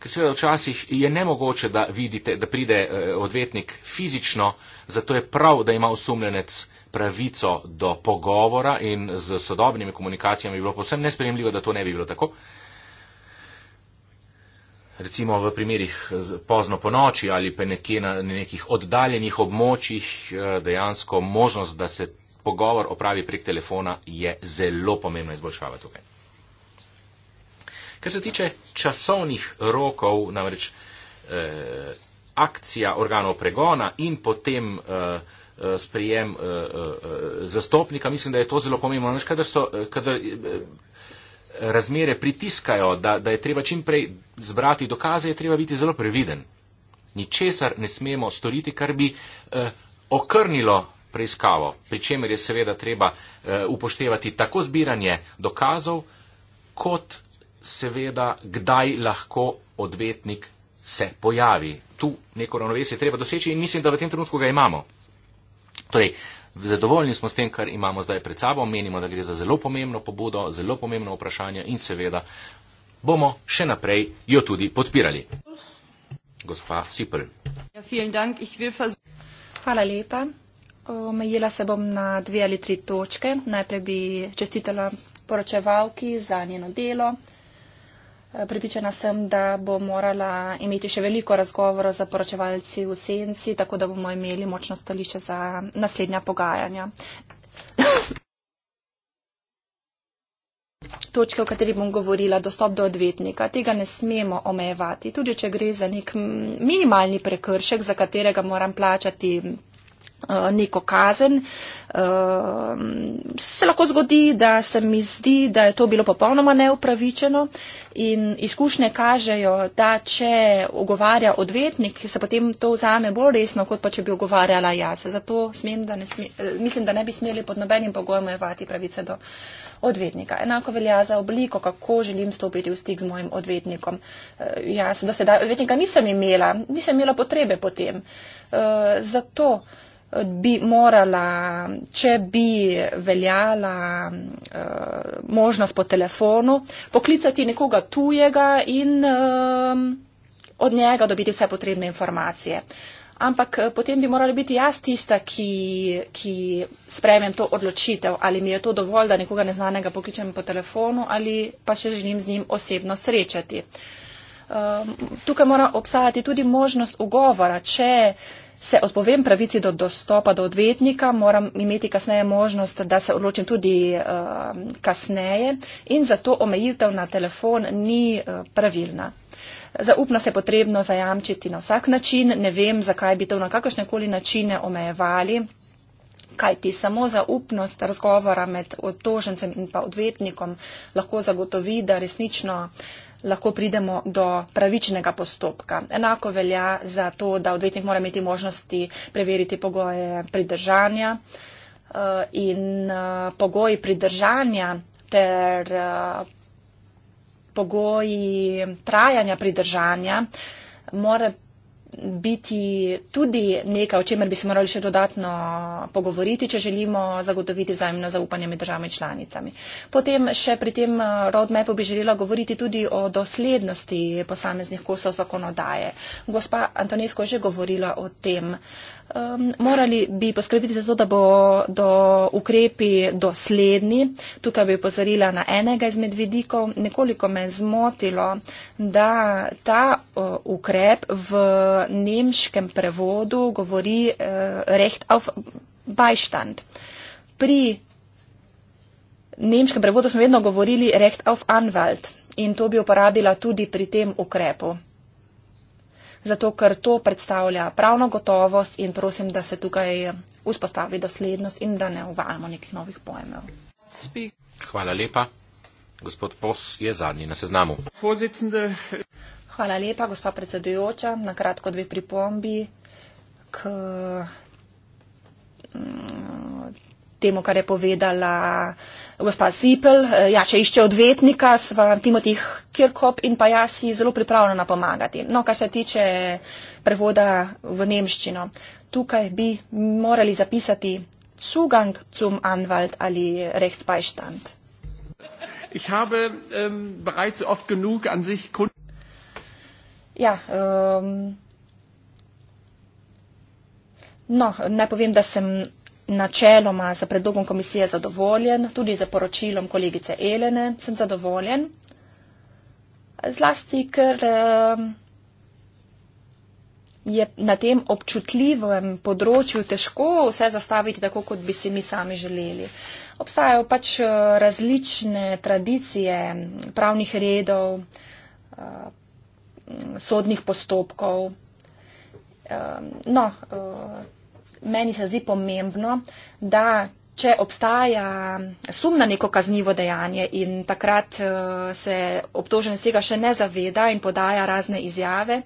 ker seveda včasih je nemogoče, da, vidite, da pride eh, odvetnik fizično, zato je prav, da ima osumljenec pravico do pogovora in z sodobnimi komunikacijami bi bilo posebno nespremljivo, da to ne bi bilo tako. Uh, recimo v primerih pozno po noči ali pa nekje na nekih oddaljenih območjih, eh, dejansko možnost, da se pogovor opravi prek telefona, je zelo pomembna izboljšava tukaj. Kar se tiče časovnih rokov, namreč eh, akcija organov pregona in potem eh, eh sprejem eh, eh, eh, zastopnika, mislim, da je to zelo pomembno. Namreč, kadar so, kadar, eh, razmere pritiskajo, da, da je treba čim prej zbrati dokaze, je treba biti zelo previden. Ničesar ne smemo storiti, kar bi eh, okrnilo preiskavo, pri čemer je seveda treba eh, upoštevati tako zbiranje dokazov, kot seveda kdaj lahko odvetnik se pojavi. Tu neko ravnovesje treba doseči in mislim, da v tem trenutku ga imamo. Torej, Zadovoljni smo s tem, kar imamo zdaj pred sabo, menimo, da gre za zelo pomembno pobudo, zelo pomembno vprašanje in seveda bomo še naprej jo tudi podpirali. Gospa Sipr. Ja, dank, faz... Hvala lepa. Omejila se bom na dve ali tri točke. Najprej bi čestitala poročevalki za njeno delo, Pripričana sem, da bo morala imeti še veliko razgovora za poročevalci v senci, tako da bomo imeli močno stališče za naslednja pogajanja. Točke, o kateri bom govorila, dostop do odvetnika, tega ne smemo omejevati, tudi če gre za nek minimalni prekršek, za katerega moram plačati Eh, neko kazen. Uh, se lahko zgodi, da se mi zdi, da je to bilo popolnoma neupravičeno in izkušnje kažejo, da če ogovarja odvetnik, se potem to vzame bolj resno, kot pa če bi ogovarjala jaz. Zato smem, da sme, eh, mislim, da ne bi smeli pod nobenim pogojem ojevati pravice do odvetnika. Enako velja za obliko, kako želim stopiti v stik z mojim odvetnikom. Uh, jaz do sedaj odvetnika nisem imela, nisem imela potrebe potem. Uh, zato bi morala, če bi veljala uh, možnost po telefonu, poklicati nekoga tujega in uh, od njega dobiti vse potrebne informacije. Ampak eh, potem bi morala biti jaz tista, ki, ki sprejmem to odločitev, ali mi je to dovolj, da nekoga neznanega pokličem po telefonu ali pa še želim z njim osebno srečati. Uh, tukaj mora obstajati tudi možnost ugovora, če uh, se odpovem pravici do dostopa do odvetnika, moram imeti kasneje možnost, da se odločim tudi uh, kasneje in zato omejitev na telefon ni uh, pravilna. Zaupnost je potrebno zajamčiti na vsak način, ne vem, zakaj bi to na kakršnekoli načine omejevali, kaj ti samo zaupnost razgovora med obtožencem in pa odvetnikom lahko zagotovi, da resnično uh, lahko pridemo do pravičnega postopka. Enako velja za to, da odvetnik mora imeti možnosti preveriti pogoje pridržanja eh, in eh, pogoji pridržanja ter eh, pogoji trajanja pridržanja mora biti tudi nekaj, o čemer bi se morali še dodatno pogovoriti, če želimo zagotoviti vzajemno zaupanje med državami članicami. Potem še pri tem eh, roadmapu bi želela govoriti tudi o doslednosti posameznih kosov zakonodaje. Gospa Antonesko je že govorila o tem. Uh, um, morali bi poskrbiti za to, da bodo ukrepi dosledni. Tukaj bi pozorila na enega izmed vidikov. Nekoliko me je zmotilo, da ta uh, ukrep v nemškem prevodu govori uh, recht auf Beistand. Pri nemškem prevodu smo vedno govorili recht auf Anwalt in to bi uporabila tudi pri tem ukrepu zato ker to predstavlja pravno gotovost in prosim, da se tukaj vzpostavi doslednost in da ne uvajamo nekih novih pojmev. Hvala lepa. Gospod Pos je zadnji na seznamu. Hvala lepa, gospa predsedujoča. Na kratko dve pripombi k mm, temu, kar je povedala gospa Zipel, eh, ja, če išče odvetnika, sva Timothy Kirkop in pa jaz si zelo pripravljena pomagati. No, kar se tiče prevoda v nemščino, tukaj bi morali zapisati Zugang zum Anwalt ali Rechtsbeistand. Ich habe um, bereits oft genug an sich Kunden. Ja, um, no, naj povem, da sem načeloma za predlogom komisije zadovoljen, tudi za poročilom kolegice Elene sem zadovoljen. Zlasti, ker ehm, je na tem občutljivem področju težko vse zastaviti tako, kot bi si mi sami želeli. Obstajajo pač eh, različne tradicije pravnih redov, eh, sodnih postopkov. Ehm, no, eh, meni se zdi pomembno, da če obstaja sum na neko kaznivo dejanje in takrat eh, se obtožen z tega še ne zaveda in podaja razne izjave,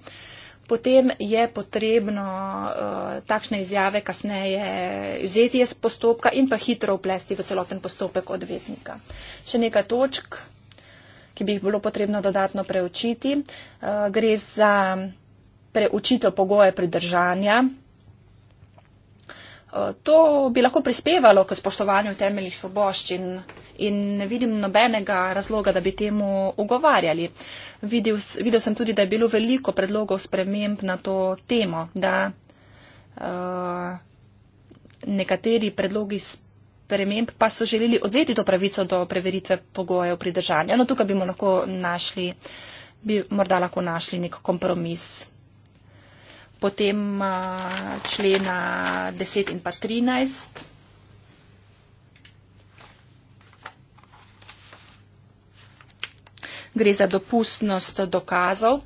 potem je potrebno eh, takšne izjave kasneje vzeti iz postopka in pa hitro uplesti v celoten postopek odvetnika. Še nekaj točk, ki bi jih bilo potrebno dodatno preučiti. Eh, gre za preučitev pogoje pridržanja, to bi lahko prispevalo k spoštovanju temeljih svoboščin in ne vidim nobenega razloga, da bi temu ugovarjali. Videl, videl sem tudi, da je bilo veliko predlogov sprememb na to temo, da uh, nekateri predlogi sprememb pa so želeli odzeti to pravico do preveritve pogojev pridržanja. No, tukaj bi, lahko našli, bi morda lahko našli nek kompromis. Potem člena 10 in pa 13. Gre za dopustnost dokazov.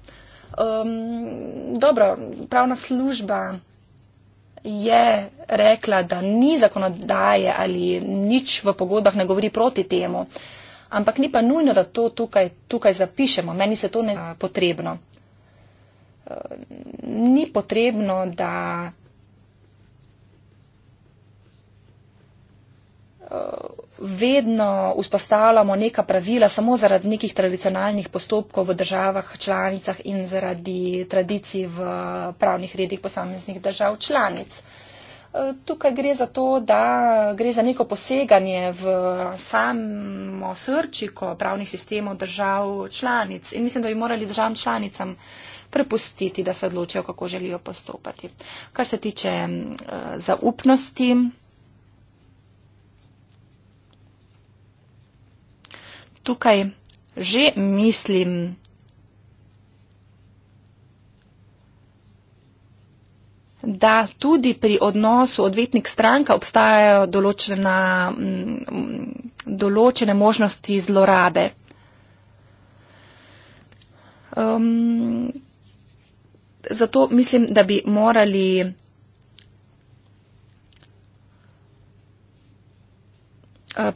Um, dobro, pravna služba je rekla, da ni zakonodaje ali nič v pogodbah ne govori proti temu, ampak ni pa nujno, da to tukaj, tukaj zapišemo. Meni se to ne zdi potrebno ni potrebno, da eh, vedno vzpostavljamo neka pravila samo zaradi nekih tradicionalnih postopkov v državah članicah in zaradi tradicij v pravnih redih posameznih držav članic. Eh, tukaj gre za to, da gre za neko poseganje v samo srčiko pravnih sistemov držav članic in mislim, da bi morali državam članicam prepustiti, da se odločijo, kako želijo postopati. Kar se tiče uh, zaupnosti, tukaj že mislim, da tudi pri odnosu odvetnik stranka obstajajo določena, določene možnosti zlorabe. Um, zato mislim, da bi morali eh,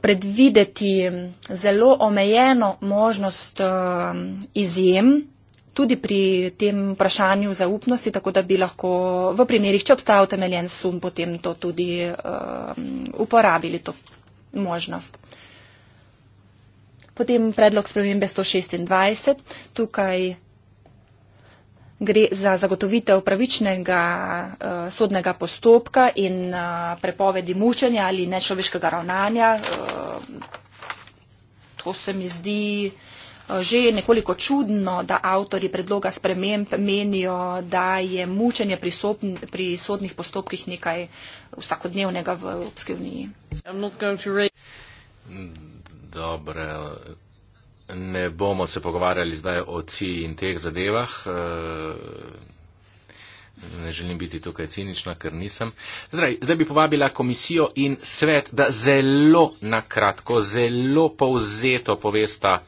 predvideti zelo omejeno možnost eh, izjem tudi pri tem vprašanju zaupnosti, tako da bi lahko v primerih, če obstaja utemeljen sum, potem to tudi eh, uporabili, to možnost. Potem predlog spremembe 126. Tukaj gre za zagotovitev pravičnega uh, sodnega postopka in uh, prepovedi mučenja ali nečloveškega ravnanja. Uh, to se mi zdi že nekoliko čudno, da avtori predloga sprememb menijo, da je mučenje pri, sopn, pri sodnih postopkih nekaj vsakodnevnega v Evropski uniji. Dobre, ne bomo se pogovarjali zdaj o ti in teh zadevah. Eh, ne želim biti tukaj cinična, ker nisem. Zdaj, zdaj bi povabila komisijo in svet, da zelo nakratko, zelo povzeto povesta,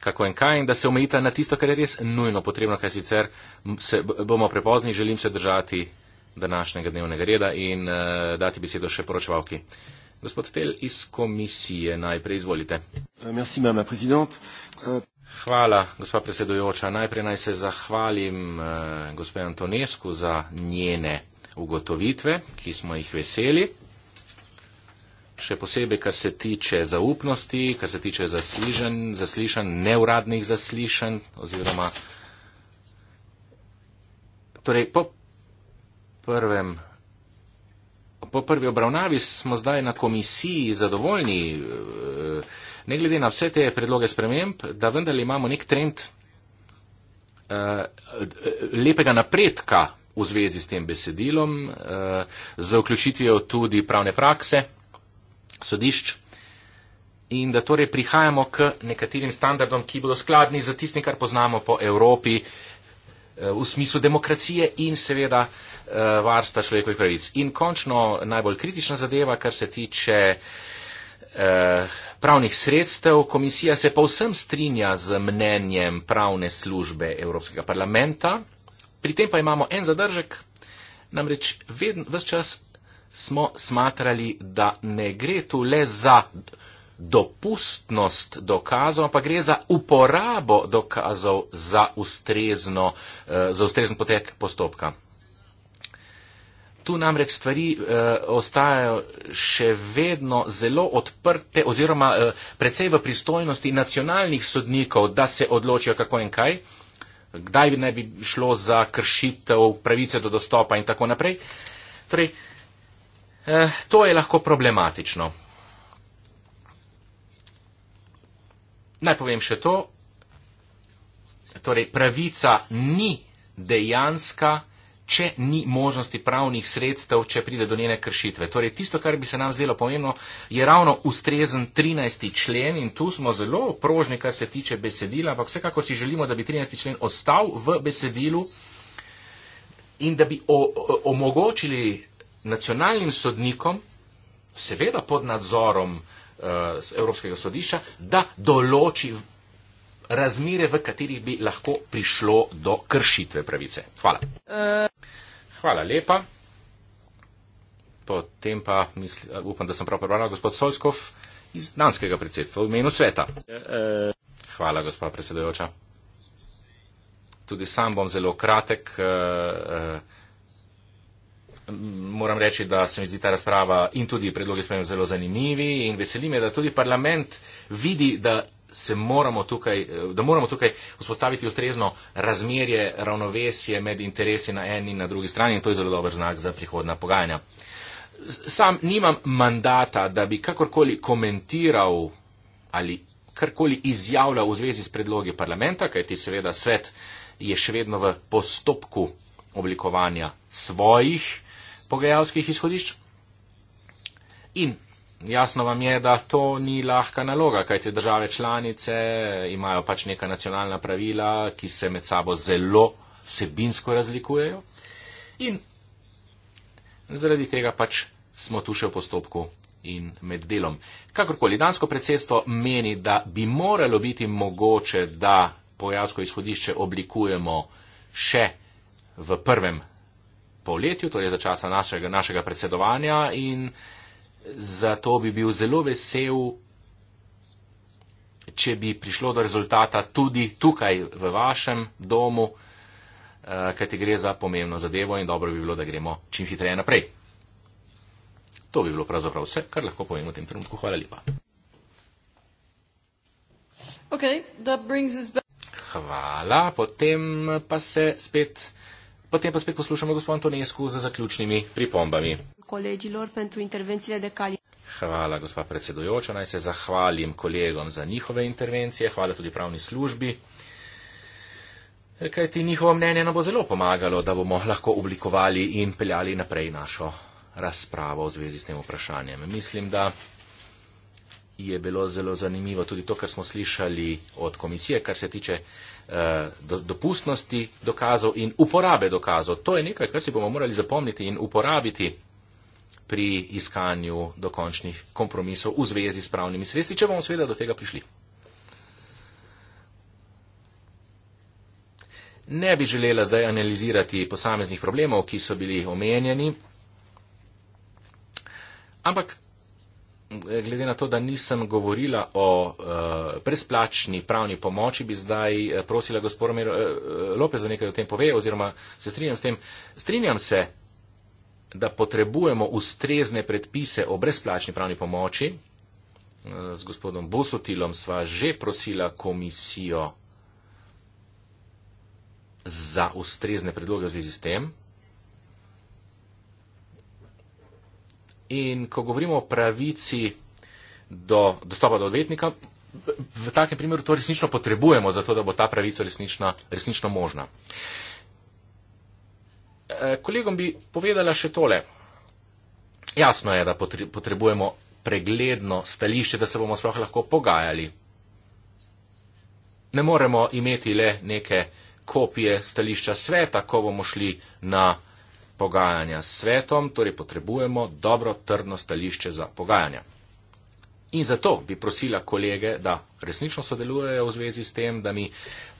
kako in kaj, in da se omejita na tisto, kar je res nujno potrebno, kaj sicer se bomo prepozni. Želim se držati današnjega dnevnega reda in uh, dati besedo še poročevalki. Uh, Gospod Fel iz komisije, najprej izvolite. Euh, merci, euh, Hvala, gospa predsedujoča. Najprej naj se zahvalim eh, gospe Antonesku za njene ugotovitve, ki smo jih veseli. Še posebej, kar se tiče zaupnosti, kar se tiče zaslišan, zaslišan neuradnih zaslišan, oziroma torej po prvem po prvi obravnavi smo zdaj na komisiji zadovoljni, eh, ne glede na vse te predloge sprememb, da vendar imamo nek trend eh, lepega napredka v zvezi s tem besedilom, eh, z vključitvijo tudi pravne prakse, sodišč in da torej prihajamo k nekaterim standardom, ki bodo skladni za tistim, kar poznamo po Evropi, Eh, v smislu demokracije in seveda eh, varsta človekovih pravic. In končno najbolj kritična zadeva, kar se tiče eh, pravnih sredstev. Komisija se povsem strinja z mnenjem pravne službe Evropskega parlamenta. Pri tem pa imamo en zadržek. Namreč vedno, vse čas smo smatrali, da ne gre tu le za dopustnost dokazov, ampak gre za uporabo dokazov za, ustrezno, eh, za ustrezen potek postopka. Tu namreč stvari eh, ostajajo še vedno zelo odprte oziroma eh, precej v pristojnosti nacionalnih sodnikov, da se odločijo kako in kaj, kdaj bi naj bi šlo za kršitev pravice do dostopa in tako naprej. Torej, eh, to je lahko problematično. Naj povem še to, torej pravica ni dejanska, če ni možnosti pravnih sredstev, če pride do njene kršitve. Torej tisto, kar bi se nam zdelo pomembno, je ravno ustrezen 13. člen in tu smo zelo prožni, kar se tiče besedila, ampak vsekakor si želimo, da bi 13. člen ostal v besedilu in da bi o, o, omogočili nacionalnim sodnikom, seveda pod nadzorom, uh, Evropskega sodišča, da določi razmere, v katerih bi lahko prišlo do kršitve pravice. Hvala. Hvala lepa. Potem pa misl, upam, da sem prav prebral gospod Solskov iz danskega predsedstva v imenu sveta. Hvala, gospa predsedujoča. Tudi sam bom zelo kratek. Uh, uh, moram reči, da se mi zdi ta razprava in tudi predloge sprejem zelo zanimivi in veseli me, da tudi parlament vidi, da se moramo tukaj, eh, da moramo tukaj vzpostaviti ustrezno razmerje, ravnovesje med interesi na eni in na drugi strani in to je zelo dober znak za prihodna pogajanja. Sam nimam mandata, da bi kakorkoli komentiral ali karkoli izjavljal v zvezi s predlogi parlamenta, kajti seveda svet je še vedno v postopku oblikovanja svojih pogajalskih izhodišč. In jasno vam je, da to ni lahka naloga, kajte države članice imajo pač neka nacionalna pravila, ki se med sabo zelo sebinsko razlikujejo. In zaradi tega pač smo tu še v postopku in med delom. Kakorkoli, dansko predsedstvo meni, da bi moralo biti mogoče, da pojasko izhodišče oblikujemo še v prvem poletju, torej za časa našega, našega predsedovanja in zato bi bil zelo vesel, če bi prišlo do rezultata tudi tukaj v vašem domu, eh, kajti gre za pomembno zadevo in dobro bi bilo, da gremo čim hitreje naprej. To bi bilo pravzaprav vse, kar lahko povem v tem trenutku. Hvala lepa. Okay, Hvala, potem pa se spet. Potem pa spet poslušamo gospod Antonijesku za zaključnimi pripombami. Hvala, gospa predsedojoča. Naj se zahvalim kolegom za njihove intervencije. Hvala tudi pravni službi. Kaj ti njihovo mnenje nam bo zelo pomagalo, da bomo lahko oblikovali in peljali naprej našo razpravo v zvezi s tem vprašanjem. Mislim, da je bilo zelo zanimivo tudi to, kar smo slišali od komisije, kar se tiče eh, do, dopustnosti dokazov in uporabe dokazov. To je nekaj, kar si bomo morali zapomniti in uporabiti pri iskanju dokončnih kompromisov v zvezi s pravnimi sredstvi, če bomo seveda do tega prišli. Ne bi želela zdaj analizirati posameznih problemov, ki so bili omenjeni, ampak glede na to, da nisem govorila o uh, brezplačni pravni pomoči, bi zdaj eh, prosila gospod Romero uh, eh, Lopez, da nekaj o tem pove, oziroma se strinjam s tem. Strinjam se, da potrebujemo ustrezne predpise o brezplačni pravni pomoči. Uh, z gospodom Bosotilom sva že prosila komisijo za ustrezne predloge v zvezi s tem. In ko govorimo o pravici do dostopa do odvetnika, v takem primeru to resnično potrebujemo, zato da bo ta pravica resnična, resnično možna. E, kolegom bi povedala še tole. Jasno je, da potrebujemo pregledno stališče, da se bomo sploh lahko pogajali. Ne moremo imeti le neke kopije stališča sveta, ko bomo šli na pogajanja s svetom, torej potrebujemo dobro trdno stališče za pogajanja. In zato bi prosila kolege, da resnično sodelujejo v zvezi s tem, da mi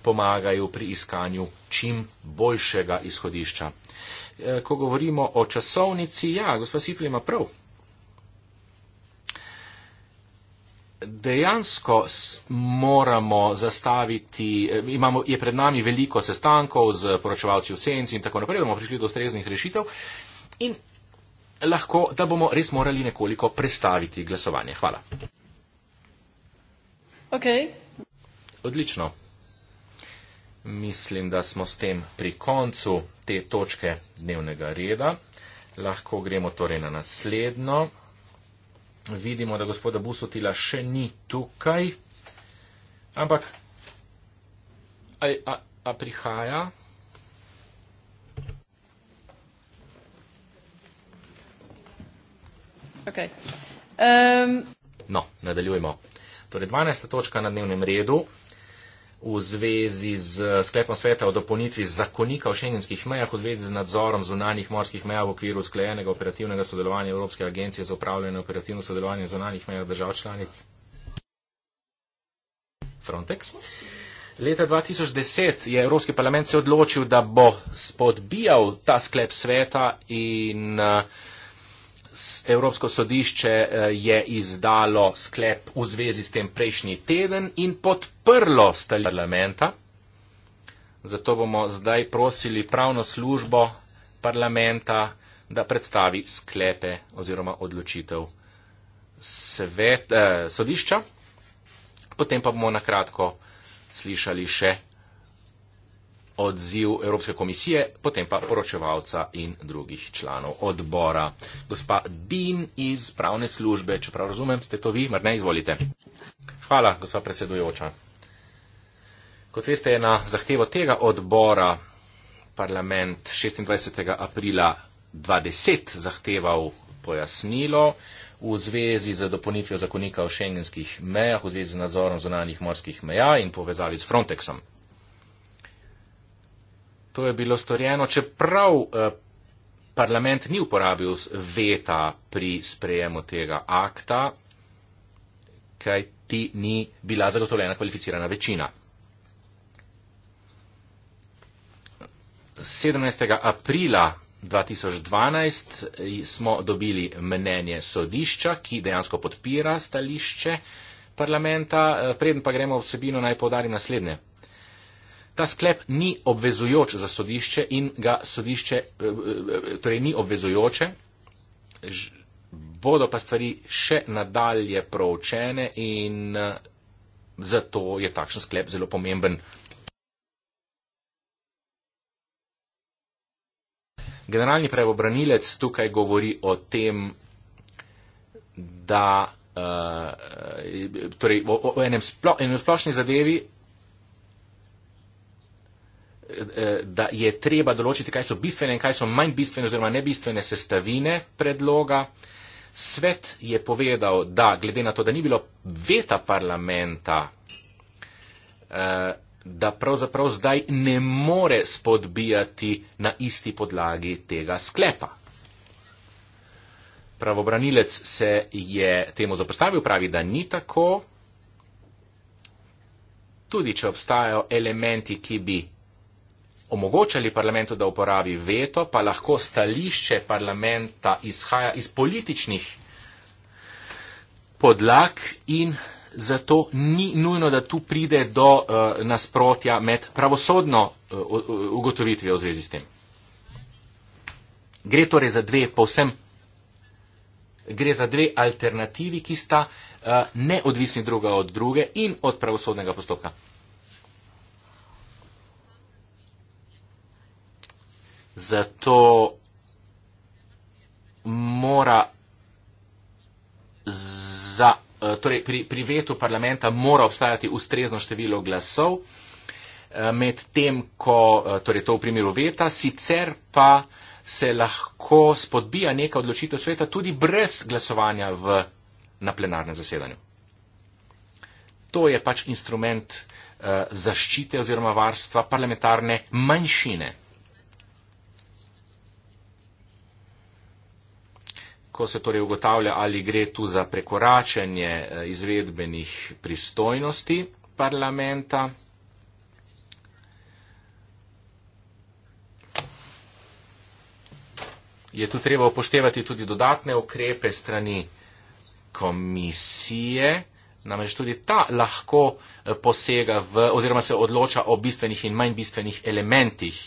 pomagajo pri iskanju čim boljšega izhodišča. Eh, ko govorimo o časovnici, ja, gospod Sipil ima prav, dejansko moramo zastaviti, eh, imamo, je pred nami veliko sestankov z poročevalci v senci in tako naprej, da bomo prišli do ustreznih rešitev in lahko, da bomo res morali nekoliko prestaviti glasovanje. Hvala. Ok. Odlično. Mislim, da smo s tem pri koncu te točke dnevnega reda. Lahko gremo torej na naslednjo vidimo, da gospoda Busotila še ni tukaj, ampak a, a, a prihaja. Okay. Um... No, nadaljujemo. Torej, 12. točka na dnevnem redu, v zvezi z sklepom sveta o dopolnitvi zakonika o šengenskih mejah, v zvezi z nadzorom zunanjih morskih meja v okviru sklejenega operativnega sodelovanja Evropske agencije za upravljanje operativno sodelovanje zunanjih meja držav članic Frontex. Leta 2010 je Evropski parlament se odločil, da bo spodbijal ta sklep sveta in uh, Evropsko sodišče eh, je izdalo sklep v zvezi s tem prejšnji teden in podprlo stališče parlamenta. Zato bomo zdaj prosili pravno službo parlamenta, da predstavi sklepe oziroma odločitev svet, eh, sodišča. Potem pa bomo na kratko slišali še odziv Evropske komisije, potem pa poročevalca in drugih članov odbora. Gospa Din iz pravne službe, čeprav razumem, ste to vi, mar ne izvolite. Hvala, gospa predsedujoča. Kot veste, je na zahtevo tega odbora parlament 26. aprila 2010 zahteval pojasnilo v zvezi z dopolnitvijo zakonika o šengenskih mejah, v zvezi z nadzorom zunanjih morskih meja in povezavi s Frontexom to je bilo storjeno, čeprav eh, parlament ni uporabil veta pri sprejemu tega akta, kaj ti ni bila zagotovljena kvalificirana večina. 17. aprila 2012 eh, smo dobili mnenje sodišča, ki dejansko podpira stališče parlamenta. Eh, preden pa gremo vsebino, naj podarim naslednje. Ta sklep ni obvezujoč za sodišče in ga sodišče eh, eh, eh, torej ni obvezujoče. Bodo pa stvari še nadalje proučene in zato je takšen sklep zelo pomemben. Generalni pravobranilec tukaj govori o tem, da, torej, o, o enem splošni zadevi, Eh, da je treba določiti, kaj so bistvene in kaj so manj bistvene oziroma nebistvene sestavine predloga. Svet je povedal, da glede na to, da ni bilo veta parlamenta, eh, da pravzaprav zdaj ne more spodbijati na isti podlagi tega sklepa. Pravobranilec se je temu zapostavil, pravi, da ni tako. Tudi, če obstajajo elementi, ki bi omogočali parlamentu, da uporabi veto, pa lahko stališče parlamenta izhaja iz političnih podlag in zato ni nujno, da tu pride do uh, nasprotja med pravosodno uh, ugotovitvijo v zvezi s tem. Gre torej za dve povsem. Gre za dve alternativi, ki sta uh, neodvisni druga od druge in od pravosodnega postopka. Zato mora za, eh, torej pri, pri vetu parlamenta mora obstajati ustrezno število glasov, eh, med tem, ko, eh, torej to v primeru veta, sicer pa se lahko spodbija neka odločitev sveta tudi brez glasovanja v, na plenarnem zasedanju. To je pač instrument uh, zaščite oziroma varstva parlamentarne manjšine. ko se torej ugotavlja, ali gre tu za prekoračenje eh, izvedbenih pristojnosti parlamenta. Je tu treba upoštevati tudi dodatne ukrepe strani komisije, namreč tudi ta lahko eh, posega v, oziroma se odloča o bistvenih in manj bistvenih elementih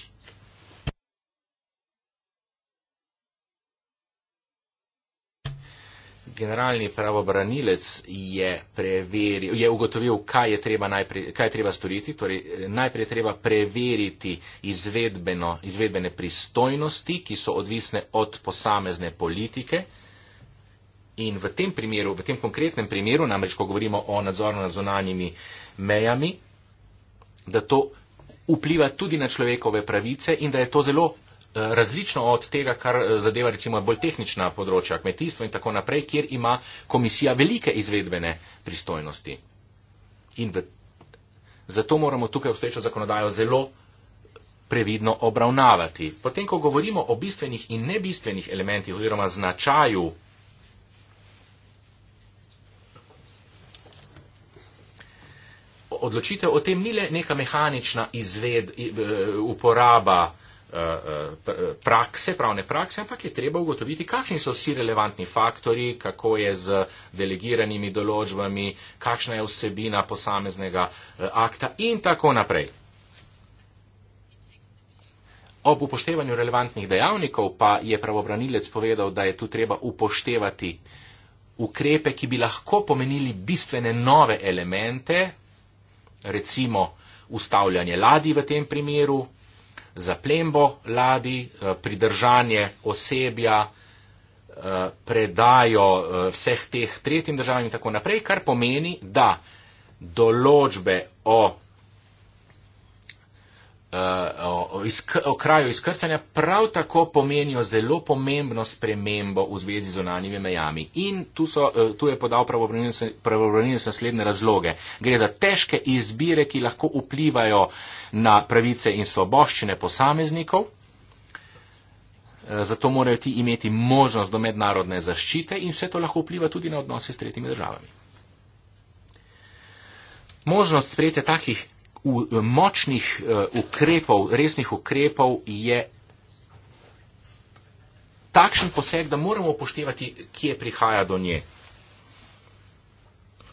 generalni pravobranilec je, preveril, je ugotovil, kaj je treba, najprej, kaj je treba storiti. Torej, najprej je treba preveriti izvedbene pristojnosti, ki so odvisne od posamezne politike. In v tem primeru, v tem konkretnem primeru, namreč, ko govorimo o nadzoru nad zunanjimi mejami, da to vpliva tudi na človekove pravice in da je to zelo Eh, različno od tega, kar eh, zadeva recimo bolj tehnična področja, kmetijstvo in tako naprej, kjer ima komisija velike izvedbene pristojnosti. In v, zato moramo tukaj obstoječo zakonodajo zelo previdno obravnavati. Potem, ko govorimo o bistvenih in nebistvenih elementih oziroma značaju, odločitev o tem ni le neka mehanična izved, uporaba, Eh, eh, prakse, pravne prakse, ampak je treba ugotoviti, kakšni so vsi relevantni faktori, kako je z delegiranimi določbami, kakšna je vsebina posameznega eh, akta in tako naprej. Ob upoštevanju relevantnih dejavnikov pa je pravobranilec povedal, da je tu treba upoštevati ukrepe, ki bi lahko pomenili bistvene nove elemente, recimo ustavljanje ladi v tem primeru, zaplembo ladi, eh, pridržanje osebja, eh, predajo eh, vseh teh tretjim državam in tako naprej, kar pomeni, da določbe o Eh, o kraju izkrcanja prav tako pomenijo zelo pomembno spremembo v zvezi z zonanjimi mejami. In tu, so, eh, tu je podal pravobranilce naslednje razloge. Gre za težke izbire, ki lahko vplivajo na pravice in svoboščine posameznikov. Eh, zato morajo ti imeti možnost do mednarodne zaščite in vse to lahko vpliva tudi na odnose s tretjimi državami. Možnost sprejetja takih v, eh, močnih uh, ukrepov, resnih ukrepov je takšen poseg, da moramo upoštevati, kje prihaja do nje.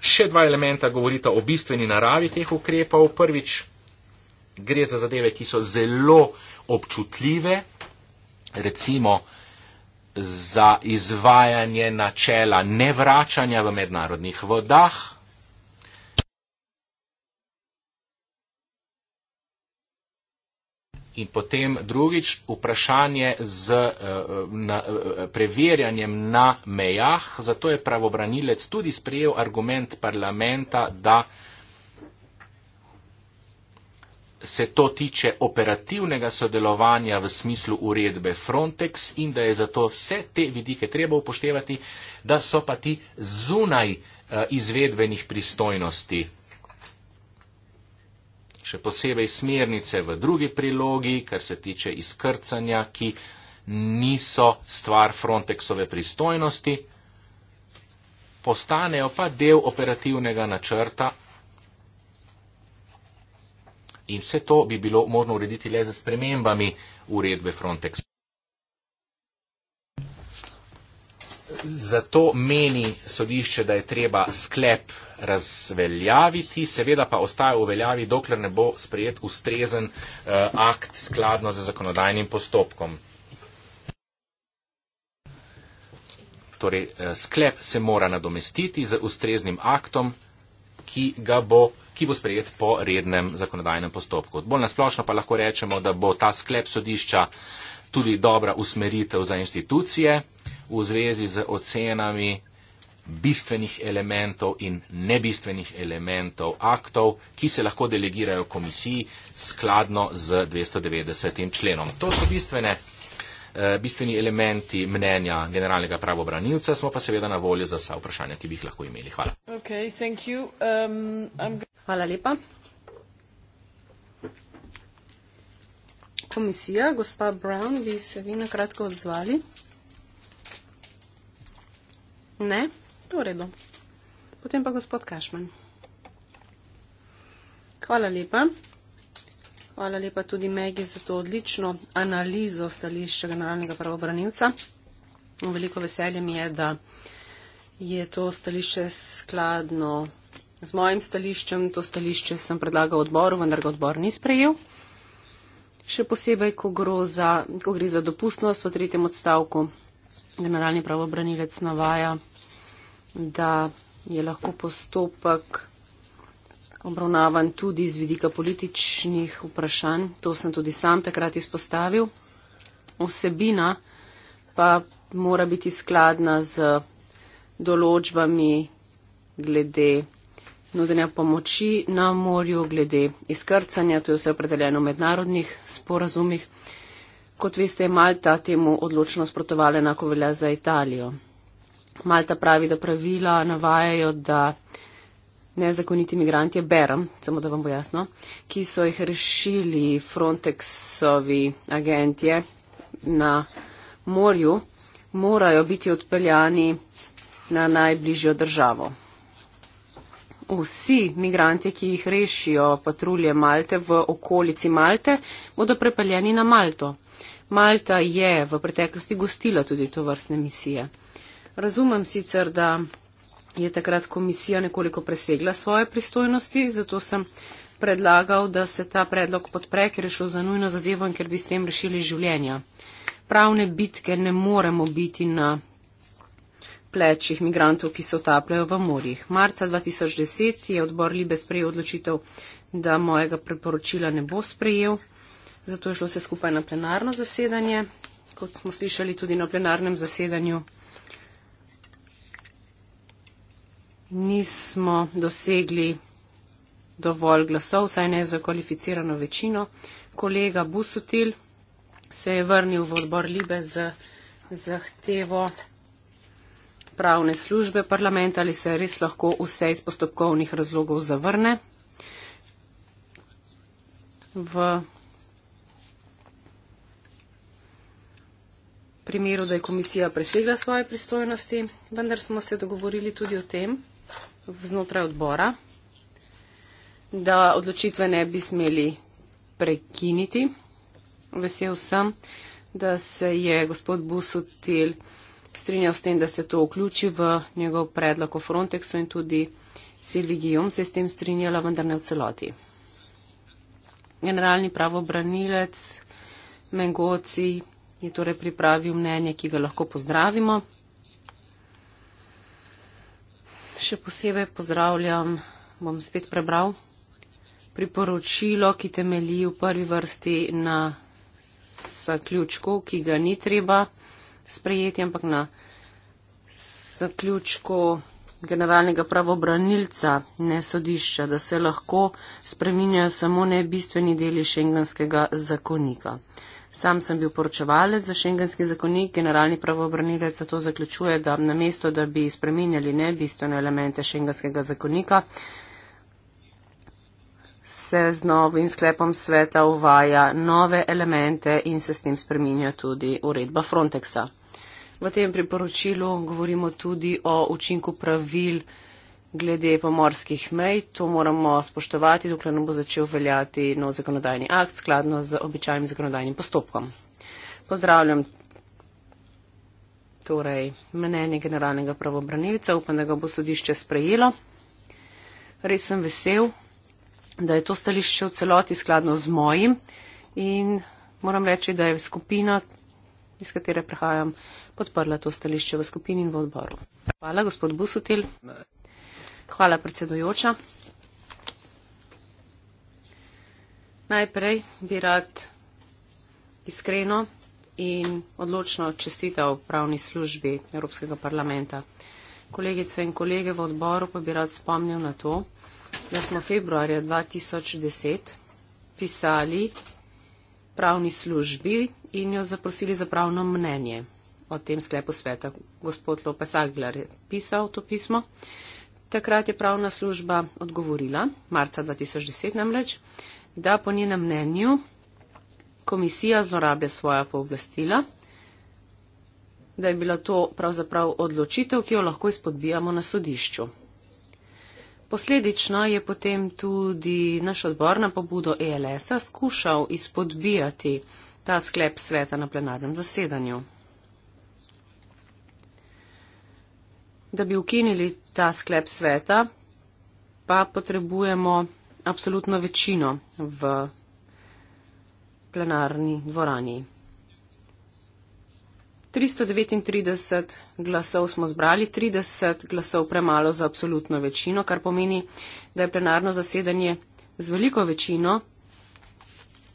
Še dva elementa govorita o bistveni naravi teh ukrepov. Prvič, gre za zadeve, ki so zelo občutljive, recimo za izvajanje načela nevračanja v mednarodnih vodah, In potem drugič vprašanje z eh, na, eh, preverjanjem na mejah, zato je pravobranilec tudi sprejel argument parlamenta, da se to tiče operativnega sodelovanja v smislu uredbe Frontex in da je zato vse te vidike treba upoštevati, da so pa ti zunaj eh, izvedbenih pristojnosti še posebej smernice v drugi prilogi, kar se tiče izkrcanja, ki niso stvar Frontexove pristojnosti, postanejo pa del operativnega načrta. In vse to bi bilo možno urediti le z spremembami uredbe Frontexa. zato meni sodišče, da je treba sklep razveljaviti, seveda pa ostaje v veljavi, dokler ne bo sprejet ustrezen uh, akt skladno z zakonodajnim postopkom. Torej, eh, sklep se mora nadomestiti z ustreznim aktom, ki, bo, ki bo sprejet po rednem zakonodajnem postopku. Bolj nasplošno pa lahko rečemo, da bo ta sklep sodišča uh, tudi dobra usmeritev za institucije v zvezi z ocenami bistvenih elementov in nebistvenih elementov aktov, ki se lahko delegirajo komisiji skladno z 290. členom. To so bistvene, eh, bistveni elementi mnenja generalnega pravobranilca, smo pa seveda na voljo za vsa vprašanja, ki bi jih lahko imeli. Hvala. Okay, um, Hvala lepa. komisija. Gospa Brown, bi se vi nakratko odzvali? Ne? To v redu. Potem pa gospod Kašman. Hvala lepa. Hvala lepa tudi Megi za to odlično analizo stališča generalnega pravobranilca. Veliko veselje mi je, da je to stališče skladno z mojim stališčem. To stališče sem predlagal odboru, vendar ga odbor ni sprejel še posebej, ko, groza, ko gre za dopustnost v tretjem odstavku. Generalni pravobranilec navaja, da je lahko postopek obravnavan tudi z vidika političnih vprašanj. To sem tudi sam takrat izpostavil. Vsebina pa mora biti skladna z določbami glede nudenja pomoči na morju, glede izkrcanja, to je vse opredeljeno v mednarodnih sporazumih. Kot veste, je Malta temu odločno sprotovala, enako velja za Italijo. Malta pravi, da pravila navajajo, da nezakoniti migranti je Beram, samo da vam bo jasno, ki so jih rešili Frontexovi agentje na morju, morajo biti odpeljani na najbližjo državo vsi migranti, ki jih rešijo patrulje Malte v okolici Malte, bodo prepeljeni na Malto. Malta je v preteklosti gostila tudi to vrstne misije. Razumem sicer, da je takrat komisija nekoliko presegla svoje pristojnosti, zato sem predlagal, da se ta predlog podpre, ker je šlo za nujno zadevo in ker bi s tem rešili življenja. Pravne bitke ne moremo biti na plečih migrantov, ki se utapljajo v morjih. Marca 2010 je odbor Libe sprejel odločitev, da mojega preporočila ne bo sprejel. Zato je šlo vse skupaj na plenarno zasedanje. Kot smo slišali tudi na plenarnem zasedanju, nismo dosegli dovolj glasov, saj ne za kvalificirano večino. Kolega Busutil se je vrnil v odbor Libe z zahtevo pravne službe parlamenta, ali se res lahko vse iz postopkovnih razlogov zavrne. V primeru, da je komisija presegla svoje pristojnosti, vendar smo se dogovorili tudi o tem znotraj odbora, da odločitve ne bi smeli prekiniti. Vesel sem, da se je gospod Busutil strinjal s tem, da se to vključi v njegov predlog o Frontexu in tudi Silvi Gijom se je s tem strinjala, vendar ne v celoti. Generalni pravobranilec Mengoci je torej pripravil mnenje, ki ga lahko pozdravimo. Še posebej pozdravljam, bom spet prebral, priporočilo, ki temelji v prvi vrsti na zaključku, ki ga ni treba sprejeti, ampak na zaključku generalnega pravobranilca, ne sodišča, da se lahko spreminjajo samo ne bistveni deli šengenskega zakonika. Sam sem bil poročevalec za šengenski zakonik, generalni pravobranilec zato zaključuje, da namesto, da bi spreminjali ne bistvene elemente šengenskega zakonika, se z novim sklepom sveta uvaja nove elemente in se s tem spreminja tudi uredba Frontexa. V tem priporočilu govorimo tudi o učinku pravil glede pomorskih mej. To moramo spoštovati, dokler ne bo začel veljati nov zakonodajni akt skladno z običajnim zakonodajnim postopkom. Pozdravljam torej mnenje generalnega pravobranilca, upam, da ga bo sodišče sprejelo. Res sem vesel, da je to stališče v celoti skladno z mojim in moram reči, da je skupina, iz katere prehajam, podprla to stališče v skupini in v odboru. Hvala, gospod Busutil. Hvala, predsedujoča. Najprej bi rad iskreno in odločno čestital pravni službi Evropskega parlamenta. Kolegice in kolege v odboru pa bi rad spomnil na to, da smo februarja 2010 pisali pravni službi in jo zaprosili za pravno mnenje o tem sklepu sveta. Gospod Lopes Aglar je pisal to pismo. Takrat je pravna služba odgovorila, marca 2010 namreč, da po njenem mnenju komisija zlorablja svoja pooblastila, da je bila to pravzaprav odločitev, ki jo lahko izpodbijamo na sodišču. Posledično je potem tudi naš odbor na pobudo ELS-a skušal izpodbijati ta sklep sveta na plenarnem zasedanju. Da bi ukinili ta sklep sveta, pa potrebujemo absolutno večino v plenarni dvorani. 339 glasov smo zbrali, 30 glasov premalo za absolutno večino, kar pomeni, da je plenarno zasedanje z veliko večino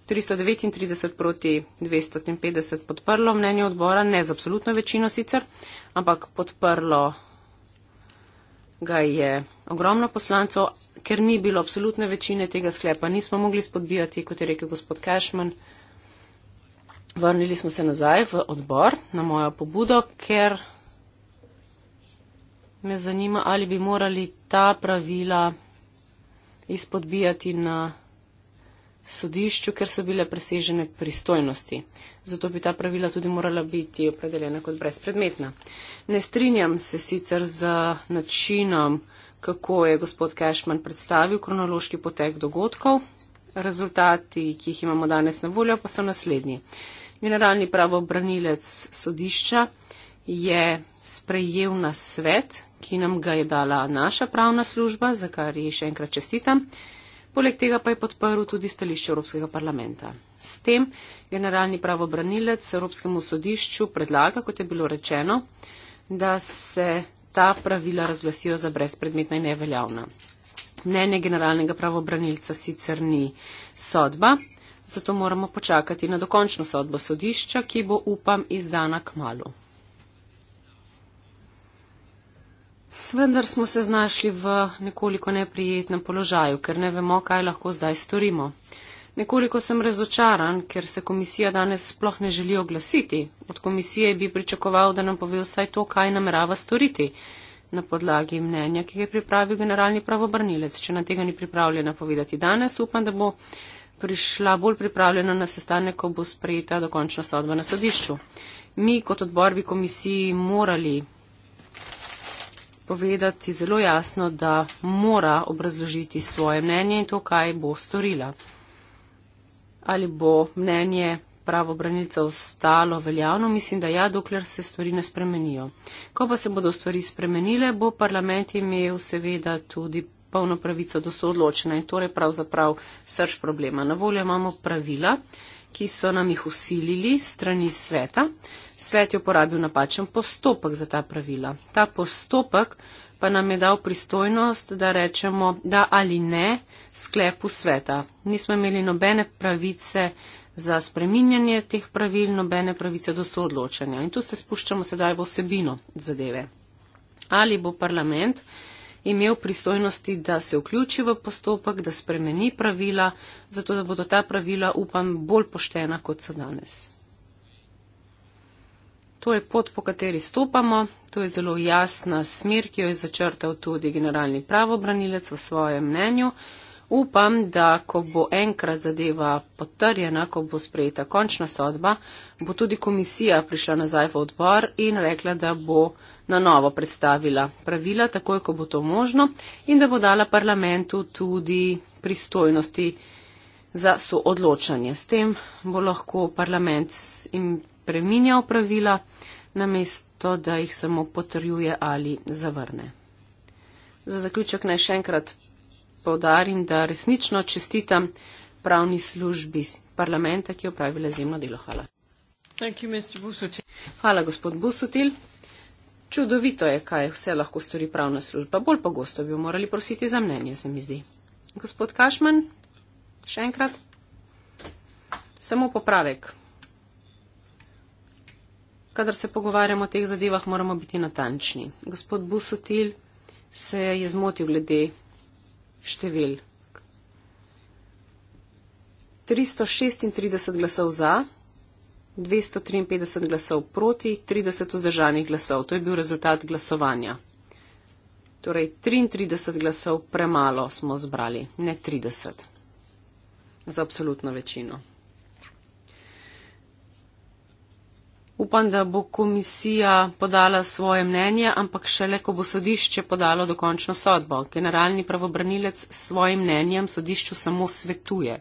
339 proti 250 podprlo mnenje odbora, ne z absolutno večino sicer, ampak podprlo ga je ogromno poslancov, ker ni bilo absolutne večine tega sklepa, nismo mogli spodbijati, kot je rekel gospod Cashman vrnili smo se nazaj v odbor na mojo pobudo, ker me zanima, ali bi morali ta pravila izpodbijati na sodišču, ker so bile presežene pristojnosti. Zato bi ta pravila tudi morala biti opredeljena kot brezpredmetna. Ne strinjam se sicer z načinom, kako je gospod Cashman predstavil kronološki potek dogodkov. Rezultati, ki jih imamo danes na voljo, pa so naslednji. Generalni pravobranilec sodišča je sprejel na svet, ki nam ga je dala naša pravna služba, za kar ji še enkrat čestitam. Poleg tega pa je podprl tudi stališče Evropskega parlamenta. S tem generalni pravobranilec Evropskemu sodišču predlaga, kot je bilo rečeno, da se ta pravila razglasijo za brezpredmetna in neveljavna. Mnenje generalnega pravobranilca sicer ni sodba zato moramo počakati na dokončno sodbo sodišča, ki bo, upam, izdana k malu. Vendar smo se znašli v nekoliko neprijetnem položaju, ker ne vemo, kaj lahko zdaj storimo. Nekoliko sem razočaran, ker se komisija danes sploh ne želi oglasiti. Od komisije bi pričakoval, da nam pove vsaj to, kaj namerava storiti na podlagi mnenja, ki ga je pripravil generalni pravobrnilec. Če na tega ni pripravljena povedati danes, upam, da bo prišla bolj pripravljena na sestanek, ko bo sprejeta dokončna sodba na sodišču. Mi kot odbor bi komisiji morali povedati zelo jasno, da mora obrazložiti svoje mnenje in to, kaj bo storila. Ali bo mnenje pravobranica ostalo veljavno, mislim, da ja, dokler se stvari ne spremenijo. Ko pa se bodo stvari spremenile, bo parlament imel seveda tudi polno pravico do soodločenja in torej pravzaprav srč problema. Na voljo imamo pravila, ki so nam jih usilili strani sveta. Svet je uporabil napačen postopek za ta pravila. Ta postopek pa nam je dal pristojnost, da rečemo da ali ne sklepu sveta. Nismo imeli nobene pravice za spreminjanje teh pravil, nobene pravice do soodločanja. In tu se spuščamo sedaj v osebino zadeve. Ali bo parlament imel pristojnosti, da se vključi v postopek, da spremeni pravila, zato da bodo ta pravila, upam, bolj poštena, kot so danes. To je pot, po kateri stopamo, to je zelo jasna smer, ki jo je začrtal tudi generalni pravobranilec v svojem mnenju. Upam, da ko bo enkrat zadeva potrjena, ko bo sprejeta končna sodba, bo tudi komisija prišla nazaj v odbor in rekla, da bo na novo predstavila pravila, takoj, ko bo to možno, in da bo dala parlamentu tudi pristojnosti za soodločanje. S tem bo lahko parlament jim preminjal pravila, namesto da jih samo potrjuje ali zavrne. Za zaključek naj še enkrat povdarim, da resnično čestitam pravni službi parlamenta, ki je opravila izjemno delo. Hvala. You, Hvala, gospod Busutil. Čudovito je, kaj vse lahko stori pravna služba. Bolj pogosto bi jo morali prositi za mnenje, se mi zdi. Gospod Kašman, še enkrat. Samo popravek. Kadar se pogovarjamo o teh zadevah, moramo biti natančni. Gospod Busutil se je zmotil glede številk. 336 glasov za, 253 glasov proti, 30 vzdržanih glasov. To je bil rezultat glasovanja. Torej 33 glasov premalo smo zbrali, ne 30 za absolutno večino. Upam, da bo komisija podala svoje mnenje, ampak šele, ko bo sodišče podalo dokončno sodbo. Generalni pravobranilec s svojim mnenjem sodišču samo svetuje.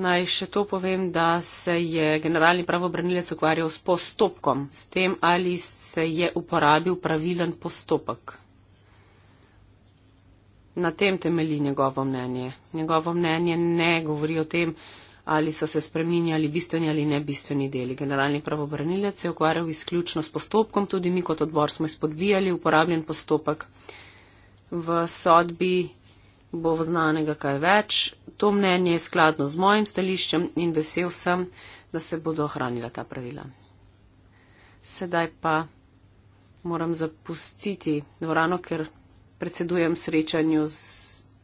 Naj še to povem, da se je generalni pravobranilec ukvarjal s postopkom, s tem ali se je uporabil pravilen postopek. Na tem temelji njegovo mnenje. Njegovo mnenje ne govori o tem, ali so se spreminjali bistveni ali ne bistveni deli. Generalni pravobranilec je ukvarjal izključno s postopkom, tudi mi kot odbor smo izpodbijali uporabljen postopek. V sodbi bo znanega kaj več. To mnenje je skladno z mojim stališčem in vesel sem, da se bodo ohranila ta pravila. Sedaj pa moram zapustiti dvorano, ker predsedujem srečanju s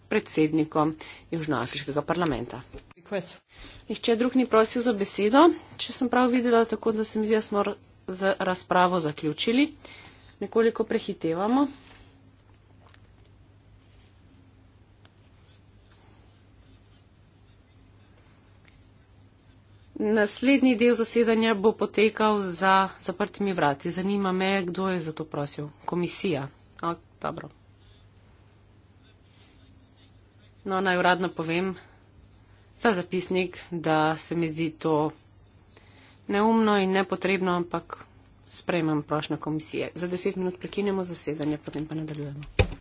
predsednikom Južnoafriškega parlamenta. Request nihče drug ni prosil za besedo. Če sem prav videla, tako da se mi zdi, da smo z razpravo zaključili. Nekoliko prehitevamo. Naslednji del zasedanja bo potekal za zaprtimi vrati. Zanima me, kdo je za to prosil. Komisija. A, dobro. No, naj uradno povem za zapisnik, da se mi zdi to neumno in nepotrebno, ampak sprejmem prošnjo komisije. Za deset minut prekinemo zasedanje, potem pa nadaljujemo.